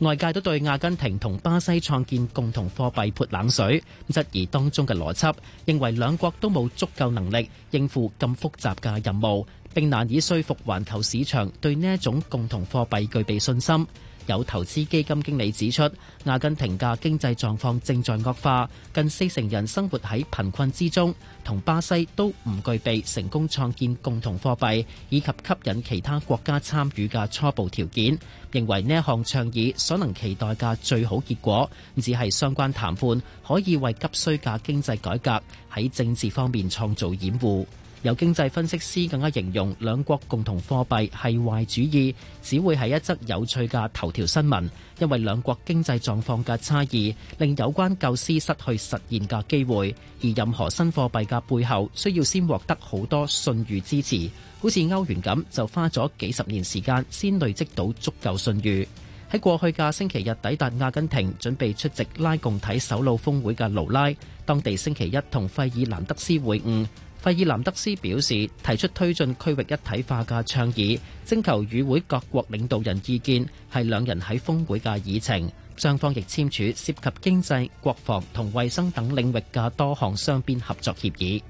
外界都對阿根廷同巴西創建共同貨幣潑冷水，質疑當中嘅邏輯，認為兩國都冇足夠能力應付咁複雜嘅任務，並難以說服環球市場對呢一種共同貨幣具備信心。有投資基金經理指出，阿根廷嘅經濟狀況正在惡化，近四成人生活喺貧困之中，同巴西都唔具備成功創建共同貨幣以及吸引其他國家參與嘅初步條件。認為呢一項倡議所能期待嘅最好結果，只係相關談判可以為急需嘅經濟改革喺政治方面創造掩護。有經濟分析師更加形容兩國共同貨幣係壞主意，只會係一則有趣嘅頭條新聞，因為兩國經濟狀況嘅差異令有關構思失去實現嘅機會。而任何新貨幣嘅背後需要先獲得好多信譽支持，好似歐元咁就花咗幾十年時間先累積到足夠信譽。喺過去嘅星期日抵達阿根廷，準備出席拉共體首腦峰會嘅盧拉，當地星期一同費爾南德斯會晤。費爾南德斯表示，提出推進區域一體化嘅倡議，徵求與會各國領導人意見，係兩人喺峰會嘅議程。雙方亦簽署涉及經濟、國防同衛生等領域嘅多項雙邊合作協議。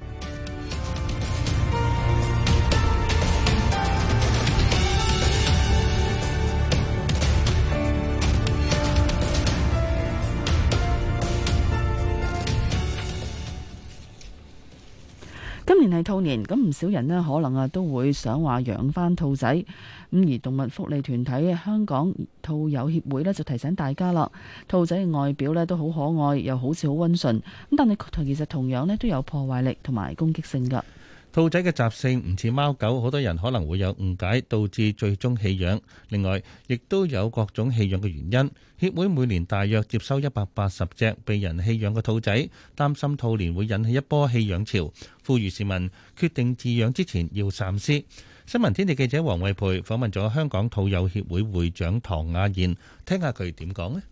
今年係兔年，咁唔少人呢可能啊都會想話養翻兔仔咁，而動物福利團體香港兔友協會呢就提醒大家啦，兔仔嘅外表呢都好可愛，又好似好温順咁，但係其實同樣呢都有破壞力同埋攻擊性噶。兔仔嘅習性唔似貓狗，好多人可能會有誤解，導致最終棄養。另外，亦都有各種棄養嘅原因。協會每年大約接收一百八十隻被人棄養嘅兔仔，擔心兔年會引起一波棄養潮，呼籲市民決定飼養之前要三思。新聞天地記者黃慧培訪問咗香港兔友協會，會會長唐亞賢，聽下佢點講咧。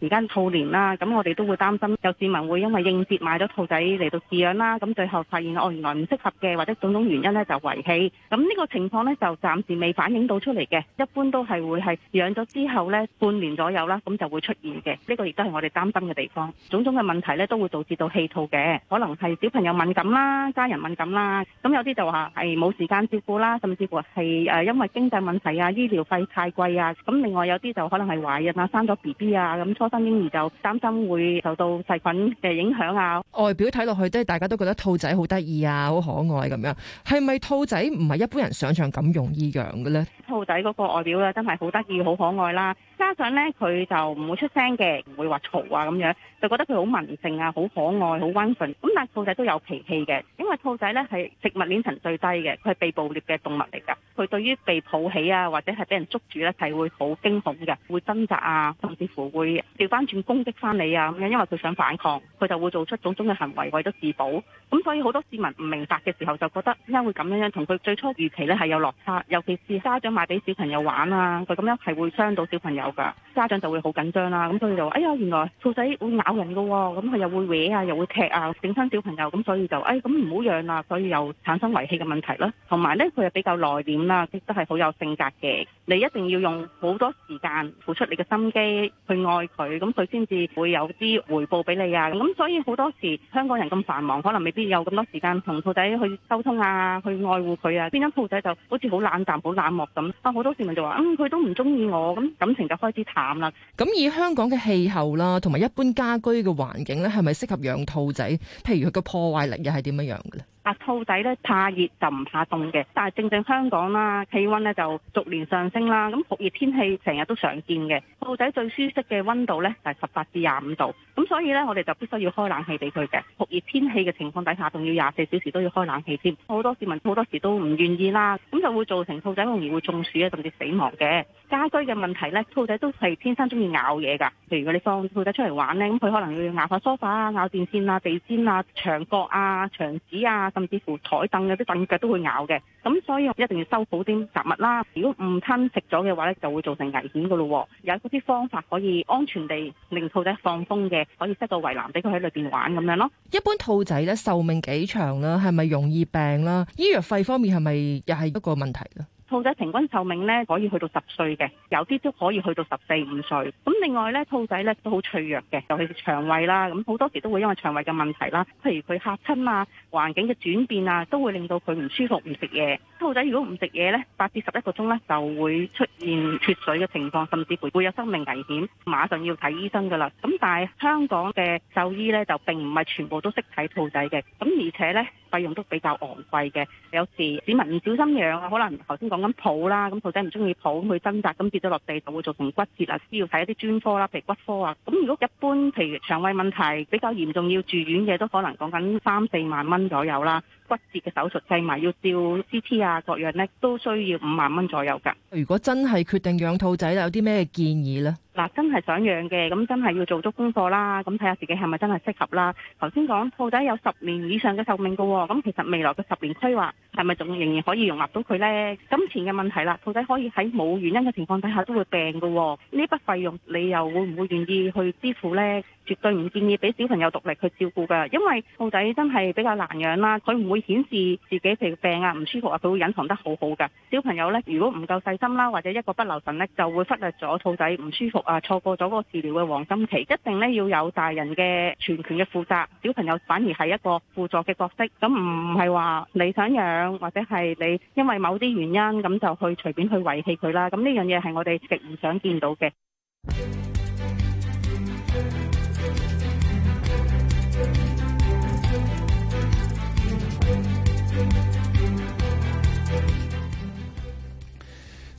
而家兔年啦，咁我哋都會擔心有市民會因為應節買咗兔仔嚟到飼養啦，咁最後發現哦，原來唔適合嘅，或者種種原因咧就遺棄，咁呢個情況咧就暫時未反映到出嚟嘅，一般都係會係養咗之後咧半年左右啦，咁就會出現嘅。呢個亦都係我哋擔心嘅地方。種種嘅問題咧都會導致到棄兔嘅，可能係小朋友敏感啦、家人敏感啦，咁有啲就話係冇時間照顧啦，甚至乎係誒因為經濟問題啊、醫療費太貴啊，咁另外有啲就可能係懷孕啊、生咗 B B 啊咁。新生嬰兒就擔心會受到細菌嘅影響啊！外表睇落去都係，大家都覺得兔仔好得意啊，好可愛咁樣。係咪兔仔唔係一般人想象咁容易養嘅咧？兔仔嗰個外表咧，真係好得意、好可愛啦。加上咧，佢就唔會出聲嘅，唔會話嘈啊咁樣，就覺得佢好文靜啊，好可愛，好溫順。咁但係兔仔都有脾氣嘅，因為兔仔咧係食物鏈層最低嘅，佢係被捕獵嘅動物嚟㗎。佢對於被抱起啊，或者係俾人捉住咧、啊，係會好驚恐嘅，會掙扎啊，甚至乎會掉翻轉攻擊翻你啊咁樣，因為佢想反抗，佢就會做出種種嘅行為為咗自保。咁所以好多市民唔明白嘅時候，就覺得點解會咁樣樣，同佢最初預期咧係有落差。尤其是家長買俾小朋友玩啊，佢咁樣係會傷到小朋友。家長就會好緊張啦，咁所以就哎呀，原來兔仔會咬人㗎喎，咁佢又會歪啊，又會踢啊，整親小朋友，咁所以就哎咁唔好養啦，所以又產生遺棄嘅問題啦。同埋呢，佢又比較內斂啦，亦都係好有性格嘅。你一定要用好多時間付出你嘅心機去愛佢，咁佢先至會有啲回報俾你啊。咁所以好多時香港人咁繁忙，可能未必有咁多時間同兔仔去溝通啊，去愛護佢啊，變咗兔仔就好似好冷淡、好冷漠咁。啊，好多市民就話：嗯，佢都唔中意我，咁感情就開始淡啦。咁以香港嘅氣候啦，同埋一般家居嘅環境咧，係咪適合養兔仔？譬如佢嘅破壞力又係點樣樣嘅咧？啊，兔仔咧怕熱就唔怕凍嘅，但係正正香港啦，氣溫咧就逐年上升啦，咁酷熱天氣成日都常見嘅，兔仔最舒適嘅溫度咧就係十八至廿五度，咁所以咧我哋就必須要開冷氣俾佢嘅酷熱天氣嘅情況底下，仲要廿四小時都要開冷氣添。好多市民好多時都唔願意啦，咁就會造成兔仔容易會中暑啊，甚至死亡嘅。家居嘅問題咧，兔仔都係天生中意咬嘢㗎，譬如，如果你放兔仔出嚟玩咧，咁佢可能要咬下梳化啊，咬電線啊、地氈啊、牆角啊、牆紙啊。甚至乎台凳嗰啲凳腳都會咬嘅，咁所以一定要收好啲雜物啦。如果誤吞食咗嘅話咧，就會造成危險噶咯。有啲方法可以安全地令兔仔放風嘅，可以設到圍欄俾佢喺裏邊玩咁樣咯。一般兔仔咧壽命幾長啦、啊，係咪容易病啦、啊？醫藥費方面係咪又係一個問題、啊？兔仔平均壽命咧可以去到十歲嘅，有啲都可以去到十四五歲。咁另外咧，兔仔咧都好脆弱嘅，尤其是腸胃啦。咁好多時都會因為腸胃嘅問題啦，譬如佢嚇親啊、環境嘅轉變啊，都會令到佢唔舒服、唔食嘢。兔仔如果唔食嘢咧，八至十一個鐘咧就會出現脫水嘅情況，甚至乎會有生命危險，馬上要睇醫生㗎喇。咁但係香港嘅獸醫咧就並唔係全部都識睇兔仔嘅，咁而且咧。費用都比較昂貴嘅，有時市民唔小心養啊，可能頭先講緊抱啦，咁兔仔唔中意抱，咁佢掙扎咁跌咗落地，就會造成骨折啊，需要睇一啲專科啦，譬如骨科啊。咁如果一般譬如腸胃問題比較嚴重要住院嘅，都可能講緊三四萬蚊左右啦。骨折嘅手術計埋，要照 CT 啊各樣咧，都需要五萬蚊左右噶。如果真係決定養兔仔，有啲咩建議呢？嗱，真係想養嘅，咁真係要做足功課啦，咁睇下自己係咪真係適合啦。頭先講兔仔有十年以上嘅壽命噶，咁其實未來嘅十年規劃係咪仲仍然可以容納到佢呢？金錢嘅問題啦，兔仔可以喺冇原因嘅情況底下都會病噶，呢筆費用你又會唔會願意去支付呢？絕對唔建議俾小朋友獨力去照顧噶，因為兔仔真係比較難養啦。佢唔會顯示自己譬如病啊、唔舒服啊，佢會隱藏得好好噶。小朋友呢，如果唔夠細心啦、啊，或者一個不留神呢、啊，就會忽略咗兔仔唔舒服啊，錯過咗嗰個治療嘅黃金期。一定呢，要有大人嘅全權嘅負責，小朋友反而係一個輔助嘅角色。咁唔係話你想養，或者係你因為某啲原因咁就去隨便去遺棄佢啦。咁呢樣嘢係我哋極唔想見到嘅。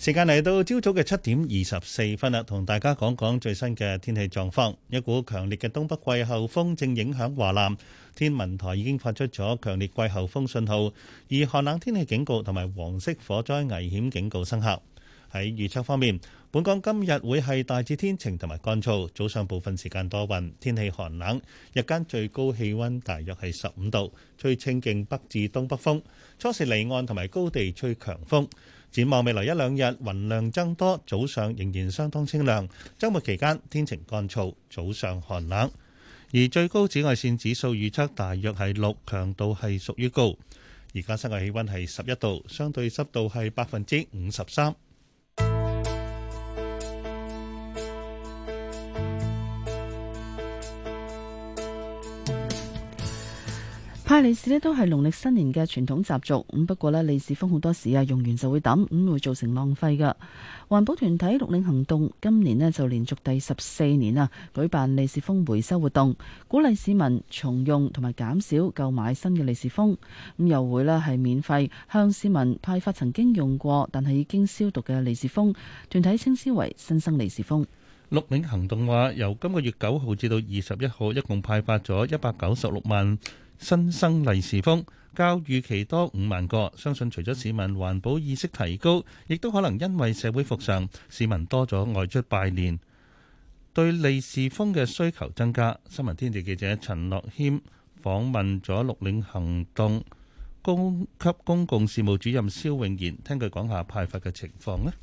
時間嚟到朝早嘅七點二十四分啦，同大家講講最新嘅天氣狀況。一股強烈嘅東北季候風正影響華南，天文台已經發出咗強烈季候風信號，而寒冷天氣警告同埋黃色火災危險警告生效。喺預測方面，本港今日會係大致天晴同埋乾燥，早上部分時間多雲，天氣寒冷，日間最高氣温大約係十五度，吹清勁北至東北風，初時離岸同埋高地吹強風。展望未來一兩日，雲量增多，早上仍然相當清涼。周末期間天晴乾燥，早上寒冷。而最高紫外線指數預測大約係六，強度係屬於高。而家室外氣温係十一度，相對濕度係百分之五十三。派利是呢都係農曆新年嘅傳統習俗咁，不過呢利是封好多時啊，用完就會抌，咁會造成浪費㗎。環保團體綠領行動今年呢就連續第十四年啊，舉辦利是封回收活動，鼓勵市民重用同埋減少購買新嘅利是封，咁又會呢係免費向市民派發曾經用過但係已經消毒嘅利是封。團體稱之為新生利是封。綠領行動話由今個月九號至到二十一號，一共派發咗一百九十六萬，新生利是封較預期多五萬個，相信除咗市民環保意識提高，亦都可能因為社會復常，市民多咗外出拜年，對利是封嘅需求增加。新聞天地記者陳樂謙訪問咗綠領行動高級公共事務主任蕭永賢，聽佢講下派發嘅情況咧。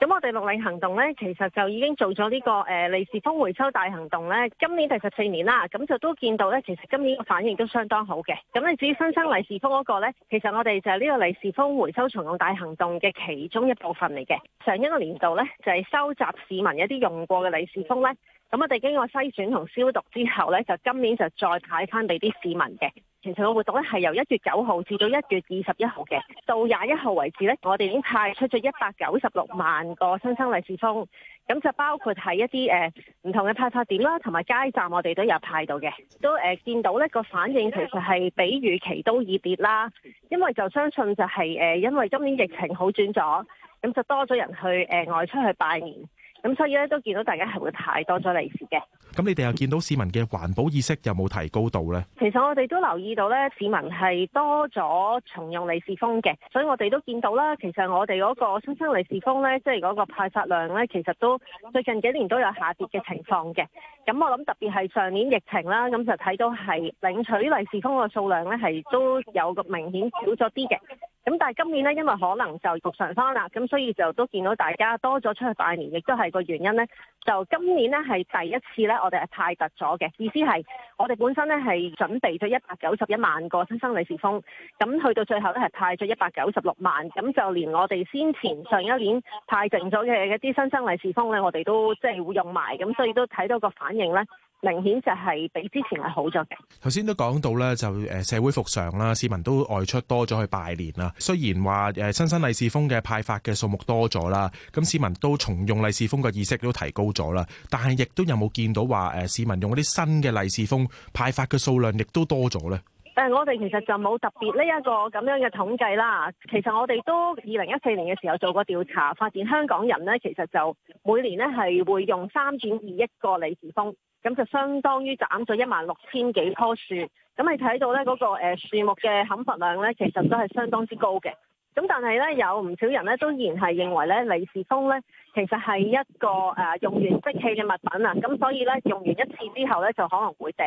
咁我哋綠領行動呢，其實就已經做咗呢、呢個誒、呃、利是封回收大行動咧。今年第十四年啦，咁就都見到呢，其實今年個反應都相當好嘅。咁咧至於新生利是封嗰個咧，其實我哋就係呢個利是封回收重用大行動嘅其中一部分嚟嘅。上一個年度呢，就係、是、收集市民一啲用過嘅利是封呢。咁我哋經過篩選同消毒之後呢，就今年就再派翻俾啲市民嘅。其實個活動咧係由一月九號至到一月二十一號嘅，到廿一號為止咧，我哋已經派出咗一百九十六萬個新生利是封，咁就包括係一啲誒唔同嘅派發點啦，同埋街站我哋都有派到嘅，都誒、呃、見到咧個反應其實係比預期都熱烈啦，因為就相信就係、是、誒、呃、因為今年疫情好轉咗，咁就多咗人去誒、呃、外出去拜年。咁所以呢都見到大家係會太多咗利是嘅。咁你哋又見到市民嘅環保意識有冇提高到呢？其實我哋都留意到呢，市民係多咗重用利是封嘅，所以我哋都見到啦。其實我哋嗰個新生利是封呢，即係嗰個派發量呢，其實都最近幾年都有下跌嘅情況嘅。咁我諗特別係上年疫情啦，咁就睇到係領取利是封個數量呢，係都有個明顯少咗啲嘅。咁但係今年咧，因為可能就復常翻啦，咁所以就都見到大家多咗出去拜年，亦都係個原因呢，就今年呢，係第一次呢，我哋係派特咗嘅意思係，我哋本身呢係準備咗一百九十一萬個新生利是封，咁去到最後咧係派咗一百九十六萬，咁就連我哋先前上一年派剩咗嘅一啲新生利是封呢，我哋都即係、就是、會用埋，咁所以都睇到個反應呢。明顯就係比之前係好咗嘅。頭先都講到咧，就誒社會復常啦，市民都外出多咗去拜年啦。雖然話誒新生利是封嘅派發嘅數目多咗啦，咁市民都重用利是封嘅意識都提高咗啦，但係亦都有冇見到話誒市民用嗰啲新嘅利是封派發嘅數量亦都多咗咧？誒，但我哋其實就冇特別呢一個咁樣嘅統計啦。其實我哋都二零一四年嘅時候做過調查，發現香港人呢，其實就每年呢係會用三點二億個利是封，咁就相當於斬咗一萬六千幾棵樹。咁你睇到呢嗰、那個誒、呃、樹木嘅砍伐量呢，其實都係相當之高嘅。咁但係咧，有唔少人咧，都依然係認為咧，利是封咧，其實係一個誒用完即棄嘅物品啊。咁所以咧，用完一次之後咧，就可能會掉，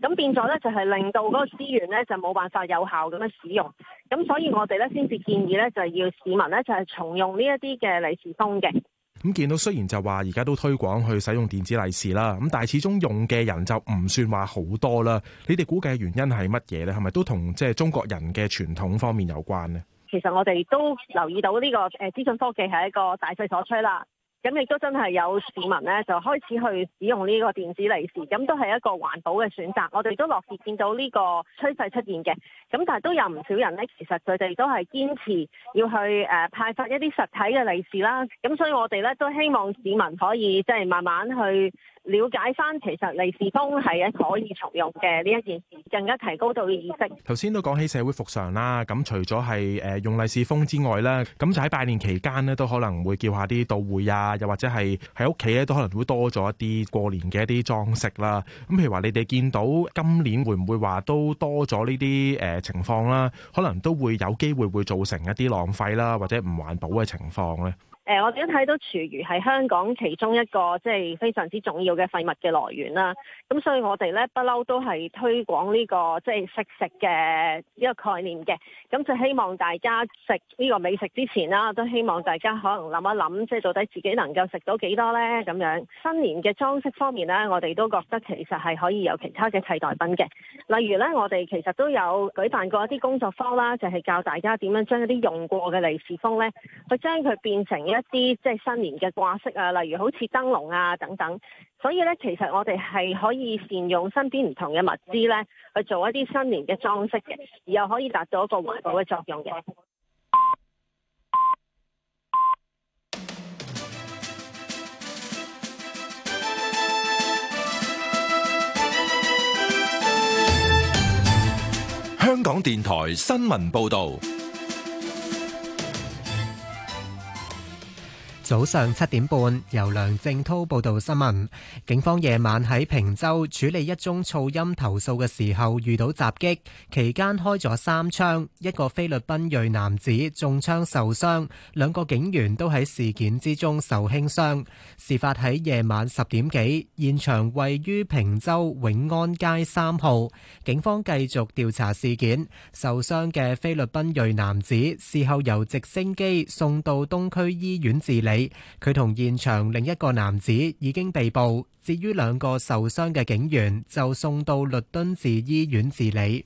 咁變咗咧，就係令到嗰個資源咧就冇辦法有效咁樣使用。咁所以我哋咧先至建議咧，就係要市民咧就係重用呢一啲嘅利是封嘅。咁見到雖然就話而家都推廣去使用電子利是啦，咁但係始終用嘅人就唔算話好多啦。你哋估計嘅原因係乜嘢咧？係咪都同即係中國人嘅傳統方面有關呢？其實我哋都留意到呢個誒資訊科技係一個大勢所趨啦，咁亦都真係有市民咧就開始去使用呢個電子利是，咁都係一個環保嘅選擇。我哋都樂意見到呢個趨勢出現嘅，咁但係都有唔少人咧，其實佢哋都係堅持要去誒、呃、派發一啲實體嘅利是啦。咁所以我哋咧都希望市民可以即係慢慢去。了解翻其實利是封係可以重用嘅呢一件事，更加提高到意識。頭先都講起社會復常啦，咁除咗係誒用利是封之外咧，咁就喺拜年期間咧，都可能會叫下啲到會啊，又或者係喺屋企咧都可能會多咗一啲過年嘅一啲裝飾啦。咁譬如話，你哋見到今年會唔會話都多咗呢啲誒情況啦？可能都會有機會會造成一啲浪費啦，或者唔環保嘅情況咧。誒、呃，我哋都睇到廚餘係香港其中一個即係非常之重要嘅廢物嘅來源啦，咁所以我哋咧不嬲都係推廣呢個即係惜食嘅一個概念嘅。咁就希望大家食呢個美食之前啦，都希望大家可能諗一諗，即係到底自己能夠食到幾多咧咁樣。新年嘅裝飾方面咧，我哋都覺得其實係可以有其他嘅替代品嘅。例如咧，我哋其實都有舉辦過一啲工作坊啦，就係教大家點樣將一啲用過嘅利是封咧，去將佢變成一啲即係新年嘅掛飾啊，例如好似燈籠啊等等。所以咧，其實我哋係可以善用身邊唔同嘅物資咧，去做一啲新年嘅裝飾嘅，而又可以達到一個環。香港電台新聞報道。早上七點半，由梁正濤報道新聞。警方夜晚喺坪洲處理一宗噪音投訴嘅時候遇到襲擊，期間開咗三槍，一個菲律賓裔男子中槍受傷，兩個警員都喺事件之中受輕傷。事發喺夜晚十點幾，現場位於坪洲永安街三號。警方繼續調查事件，受傷嘅菲律賓裔男子事後由直升機送到東區醫院治理。佢同現場另一個男子已經被捕。至於兩個受傷嘅警員，就送到律敦治醫院治理。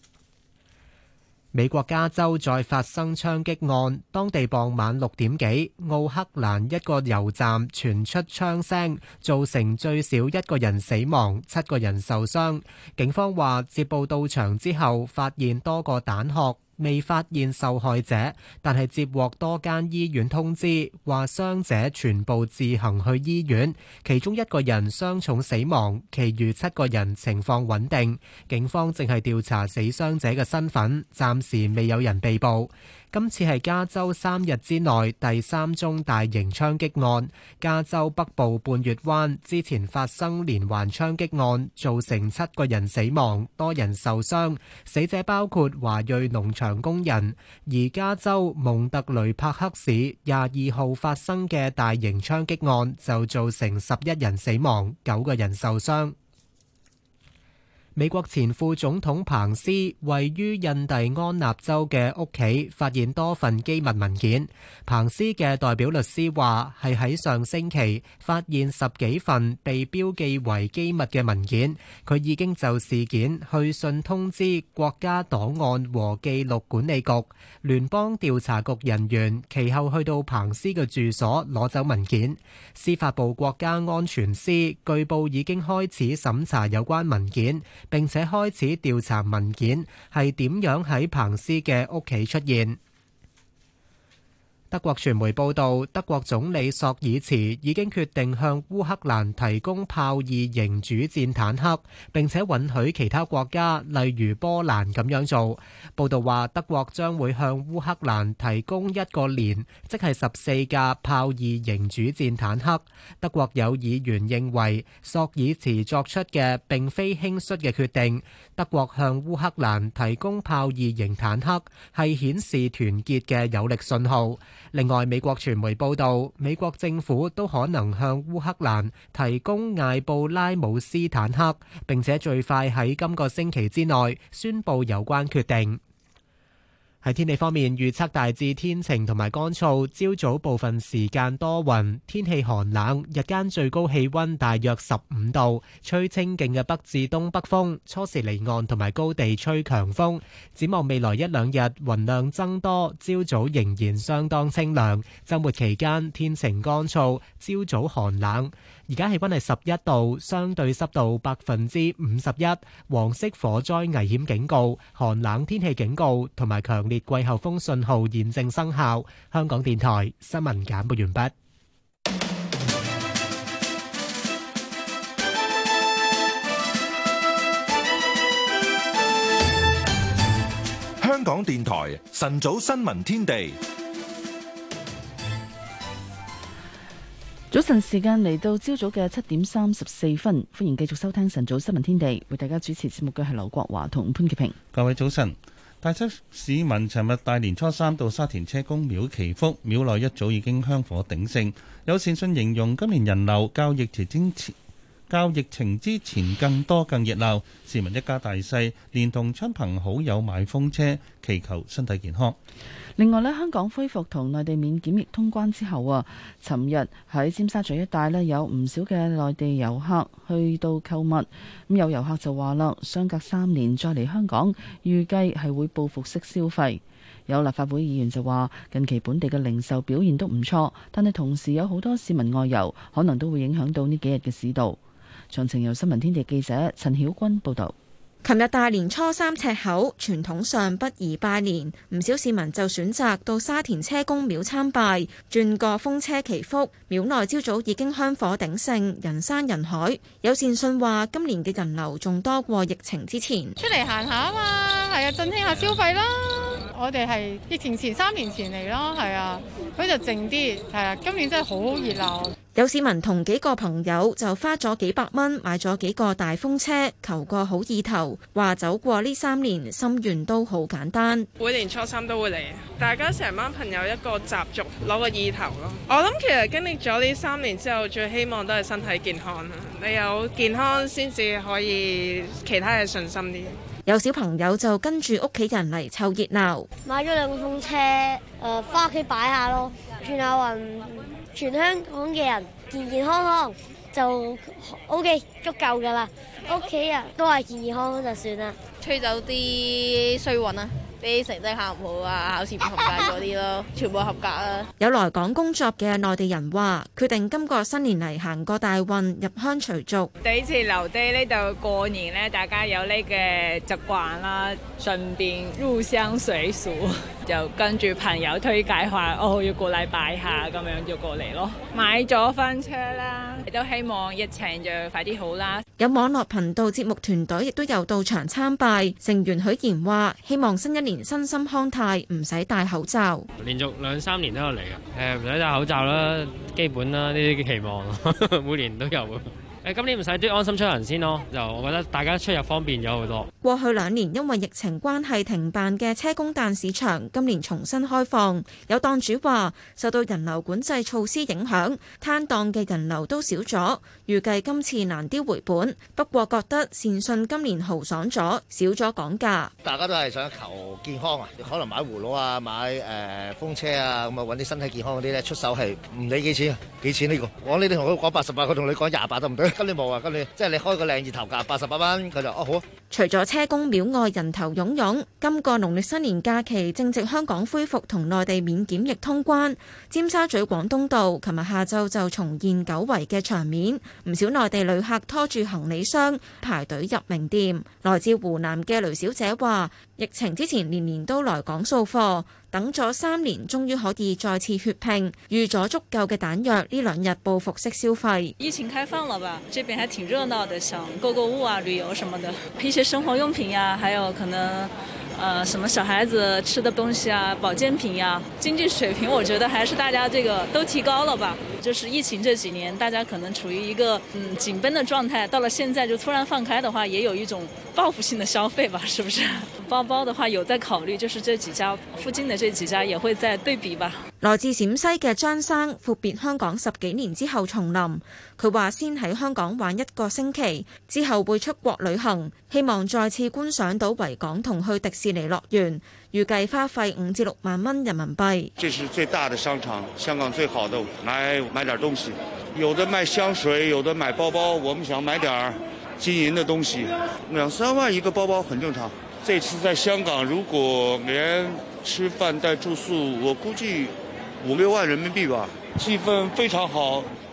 美國加州再發生槍擊案，當地傍晚六點幾，奧克蘭一個油站傳出槍聲，造成最少一個人死亡，七個人受傷。警方話接報到場之後，發現多個彈殼。未發現受害者，但係接獲多間醫院通知，話傷者全部自行去醫院，其中一個人傷重死亡，其餘七個人情況穩定。警方正係調查死傷者嘅身份，暫時未有人被捕。今次係加州三日之內第三宗大型槍擊案，加州北部半月灣之前發生連環槍擊案，造成七個人死亡，多人受傷，死者包括華裔農場工人。而加州蒙特雷柏克市廿二號發生嘅大型槍擊案，就造成十一人死亡，九個人受傷。美國前副總統彭斯位於印第安納州嘅屋企發現多份機密文件。彭斯嘅代表律師話，係喺上星期發現十幾份被標記為機密嘅文件。佢已經就事件去信通知國家檔案和記錄管理局、聯邦調查局人員。其後去到彭斯嘅住所攞走文件。司法部國家安全司據報已經開始審查有關文件。並且開始調查文件係點樣喺彭斯嘅屋企出現。德國傳媒報道，德國總理朔爾茨已經決定向烏克蘭提供豹二型主戰坦克，並且允許其他國家，例如波蘭咁樣做。報道話，德國將會向烏克蘭提供一個連，即係十四架豹二型主戰坦克。德國有議員認為，朔爾茨作出嘅並非輕率嘅決定。德國向烏克蘭提供豹二型坦克，係顯示團結嘅有力信號。另外，美國傳媒報道，美國政府都可能向烏克蘭提供艾布拉姆斯坦克，並且最快喺今個星期之內宣布有關決定。喺天氣方面，預測大致天晴同埋乾燥，朝早部分時間多雲，天氣寒冷，日間最高氣溫大約十五度，吹清勁嘅北至東北風，初時離岸同埋高地吹強風。展望未來一兩日，雲量增多，朝早仍然相當清涼。週末期間天晴乾燥，朝早寒冷。而家氣溫係十一度，相對濕度百分之五十一。黃色火災危險警告，寒冷天氣警告同埋強烈季候風信號現正生效。香港電台新聞簡報完畢。香港電台晨早新聞天地。早晨時間嚟到，朝早嘅七點三十四分，歡迎繼續收聽晨早新聞天地，為大家主持節目嘅係劉國華同潘潔平。各位早晨，大七市民尋日大年初三到沙田車公廟祈福，廟內一早已經香火鼎盛。有善信形容今年人流較疫情前，較疫情之前更多更熱鬧，市民一家大細連同親朋好友買風車，祈求身體健康。另外咧，香港恢復同內地免檢疫通關之後啊，尋日喺尖沙咀一帶咧有唔少嘅內地遊客去到購物。咁有遊客就話啦，相隔三年再嚟香港，預計係會報復式消費。有立法會議員就話，近期本地嘅零售表現都唔錯，但係同時有好多市民外遊，可能都會影響到呢幾日嘅市道。詳情由新聞天地記者陳曉君報導。琴日大年初三赤口，傳統上不宜拜年，唔少市民就選擇到沙田車公廟參拜，轉個風車祈福。廟內朝早已經香火鼎盛，人山人海。有善信話，今年嘅人流仲多過疫情之前，出嚟行下嘛，係啊，振興下消費啦。我哋係疫情前，前三年前嚟咯，係啊，佢就靜啲，係啊，今年真係好熱鬧。有市民同幾個朋友就花咗幾百蚊買咗幾個大風車，求個好意頭，話走過呢三年，心願都好簡單。每年初三都會嚟，大家成班朋友一個習俗，攞個意頭咯。我諗其實經歷咗呢三年之後，最希望都係身體健康。你有健康先至可以其他嘢信心啲。有小朋友就跟住屋企人嚟湊熱鬧，買咗兩個風車，誒、呃，返屋企擺下咯，轉下運。全香港嘅人健健康康就 O、OK, K 足夠㗎喇，屋企人都係健健康康就算啦，吹走啲衰運啊！啲成績考唔好啊，考試唔合格嗰啲咯，全部合格啊！有來港工作嘅內地人話：決定今個新年嚟行過大運，入鄉隨俗。第一次留低呢度過年呢，大家有呢個習慣啦，順便入鄉隨俗。就跟住朋友推介，話哦要過禮拜下咁樣要過嚟咯。買咗返車啦，亦都希望疫情就快啲好啦。有網絡頻道節目團隊亦都有到場參拜，成員許賢話：希望新一年。年身心康泰，唔使戴口罩。連續兩三年都有嚟嘅，誒，唔使戴口罩啦，基本啦，呢啲期望， 每年都有。今年唔使啲安心出行先咯，就我覺得大家出入方便咗好多。過去兩年因為疫情關係停辦嘅車公誕市場，今年重新開放。有檔主話受到人流管制措施影響，攤檔嘅人流都少咗，預計今次難啲回本。不過覺得善信今年豪爽咗，少咗講價。大家都係想求健康啊，可能買葫蘆啊，買誒、呃、風車啊，咁啊揾啲身體健康嗰啲咧出手係唔理幾錢，幾錢呢個？你88，我呢啲同佢講八十八，佢同你講廿八得唔得？今年冇啊，今年即係你開個靚字頭價八十八蚊，佢就哦好。除咗車公廟外，人頭湧湧。今個農曆新年假期正值香港恢復同內地免檢疫通關，尖沙咀廣東道琴日下晝就重現久違嘅場面，唔少內地旅客拖住行李箱排隊入名店。來自湖南嘅雷小姐話。疫情之前年年都來港掃貨，等咗三年，終於可以再次血拼，預咗足夠嘅彈藥，呢兩日報復式消費。疫情開放了吧，這邊還挺熱鬧的，想購購物啊、旅遊什麼的，一些生活用品呀、啊，還有可能，呃，什麼小孩子吃的東西啊、保健品呀、啊，經濟水平，我覺得還是大家這個都提高了吧。就是疫情這幾年，大家可能處於一個嗯緊繃的狀態，到了現在就突然放開的話，也有一種報復性的消費吧，是不是？包包的話，有在考慮，就是這幾家附近的這幾家也會再對比吧。來自陝西嘅張生，闊別香港十幾年之後重臨，佢話先喺香港玩一個星期，之後會出國旅行，希望再次觀賞到維港同去迪士尼樂園，預計花費五至六萬蚊人民幣。這是最大的商場，香港最好的，買買點東西，有的賣香水，有的買包包，我們想買點金銀嘅東西，兩三萬一個包包很正常。這次在香港，如果連吃飯帶住宿，我估計五六萬人民幣吧。氣氛非常好。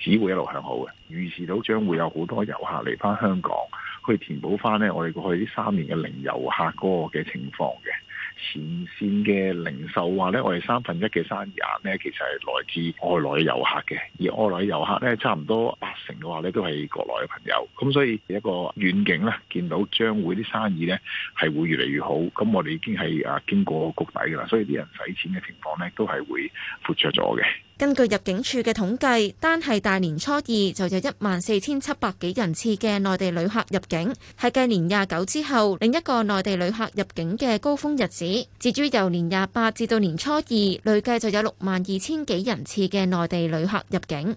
只會一路向好嘅，預示到將會有好多遊客嚟翻香港，去填補翻咧我哋過去呢三年嘅零遊客嗰個嘅情況嘅。前綫嘅零售話咧，我哋三分一嘅生意咧，其實係來自外來嘅遊客嘅，而外來嘅遊客咧，差唔多八成嘅話咧，都係國內嘅朋友。咁所以一個遠景咧，見到將會啲生意咧係會越嚟越好。咁我哋已經係啊經過谷底噶啦，所以啲人使錢嘅情況咧，都係會闊綽咗嘅。根據入境處嘅統計，單係大年初二就有一萬四千七百幾人次嘅內地旅客入境，係繼年廿九之後另一個內地旅客入境嘅高峰日子。至於由年廿八至到年初二，累計就有六萬二千幾人次嘅內地旅客入境。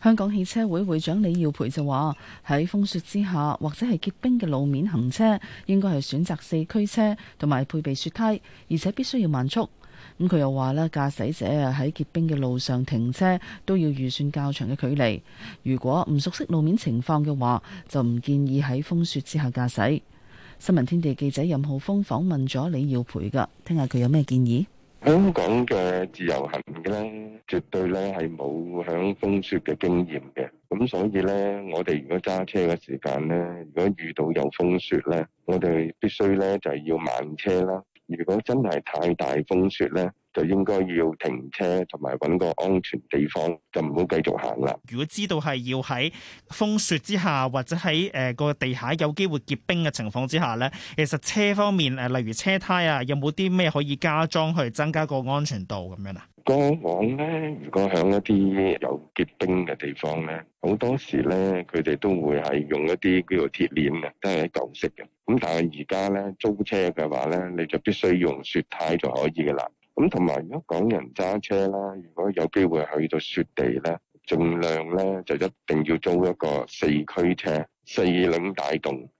香港汽車會會長李耀培就話：喺風雪之下或者係結冰嘅路面行車，應該係選擇四驅車同埋配備雪胎，而且必須要慢速。咁、嗯、佢又話咧，駕駛者啊喺結冰嘅路上停車都要預算較長嘅距離。如果唔熟悉路面情況嘅話，就唔建議喺風雪之下駕駛。新聞天地記者任浩峰訪問咗李耀培㗎，聽下佢有咩建議。香港嘅自由行嘅咧，絕對咧係冇響風雪嘅經驗嘅，咁所以咧，我哋如果揸車嘅時間咧，如果遇到有風雪咧，我哋必須咧就係要慢車啦。如果真係太大風雪咧，就應該要停車同埋揾個安全地方，就唔好繼續行啦。如果知道係要喺風雪之下，或者喺誒個地下有機會結冰嘅情況之下咧，其實車方面誒，例如車胎啊，有冇啲咩可以加裝去增加個安全度咁樣啊？過往咧，如果響一啲有結冰嘅地方咧，好多時咧，佢哋都會係用一啲叫做鐵鏈啊，都係舊式嘅。咁但係而家咧，租車嘅話咧，你就必須用雪胎就可以嘅啦。咁同埋，如果港人揸車啦，如果有機會去到雪地咧，盡量咧就一定要租一個四驅車，四輪帶動，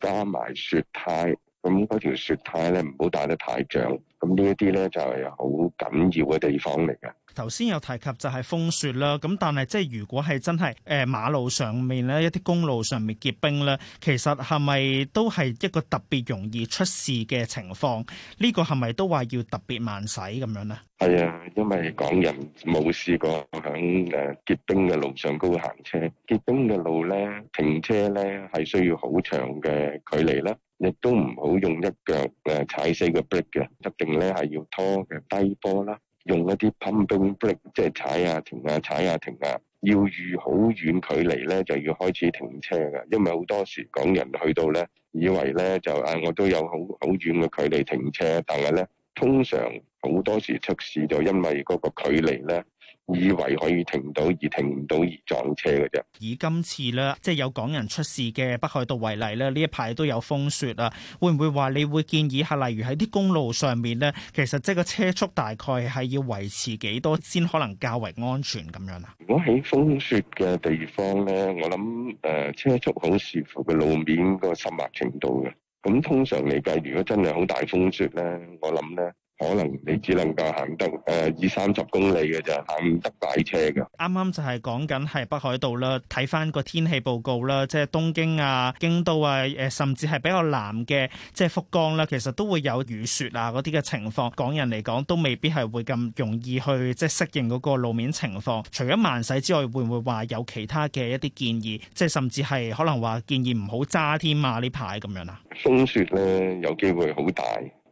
加埋雪胎，咁嗰條雪胎咧，唔好帶得太脹，咁呢一啲咧就係、是、好緊要嘅地方嚟嘅。頭先有提及就係風雪啦，咁但係即係如果係真係誒馬路上面咧一啲公路上面結冰咧，其實係咪都係一個特別容易出事嘅情況？呢個係咪都話要特別慢駛咁樣呢？係啊，因為港人冇試過響誒結冰嘅路上高行車，結冰嘅路咧停車咧係需要好長嘅距離啦，亦都唔好用一腳誒踩死個 brake 嘅，一定咧係要拖嘅低波啦。用一啲 pumping brake 即、啊、係踩下停啊踩下、啊、停啊，要預好遠距離咧就要開始停車噶，因為好多時港人去到咧，以為咧就啊我都有好好遠嘅距離停車，但係咧通常好多時出事就因為嗰個距離咧。以為可以停到而停唔到而撞車嘅啫。以今次咧，即係有港人出事嘅北海道為例咧，呢一排都有風雪啦、啊。會唔會話你會建議下？例如喺啲公路上面咧，其實即係個車速大概係要維持幾多先可能較為安全咁樣？如果喺風雪嘅地方咧，我諗，誒、呃，車速好視乎嘅路面個濕滑程度嘅。咁通常嚟計，如果真係好大風雪咧，我諗咧。可能你只能夠行得誒二三十公里嘅啫，行唔得大車噶啱啱就係講緊係北海道啦，睇翻個天氣報告啦，即係東京啊、京都啊、誒甚至係比較南嘅，即係福岡啦，其實都會有雨雪啊嗰啲嘅情況。港人嚟講都未必係會咁容易去即係適應嗰個路面情況。除咗慢駛之外，會唔會話有其他嘅一啲建議？即係甚至係可能話建議唔好揸添啊呢排咁樣啊？樣風雪咧，有機會好大。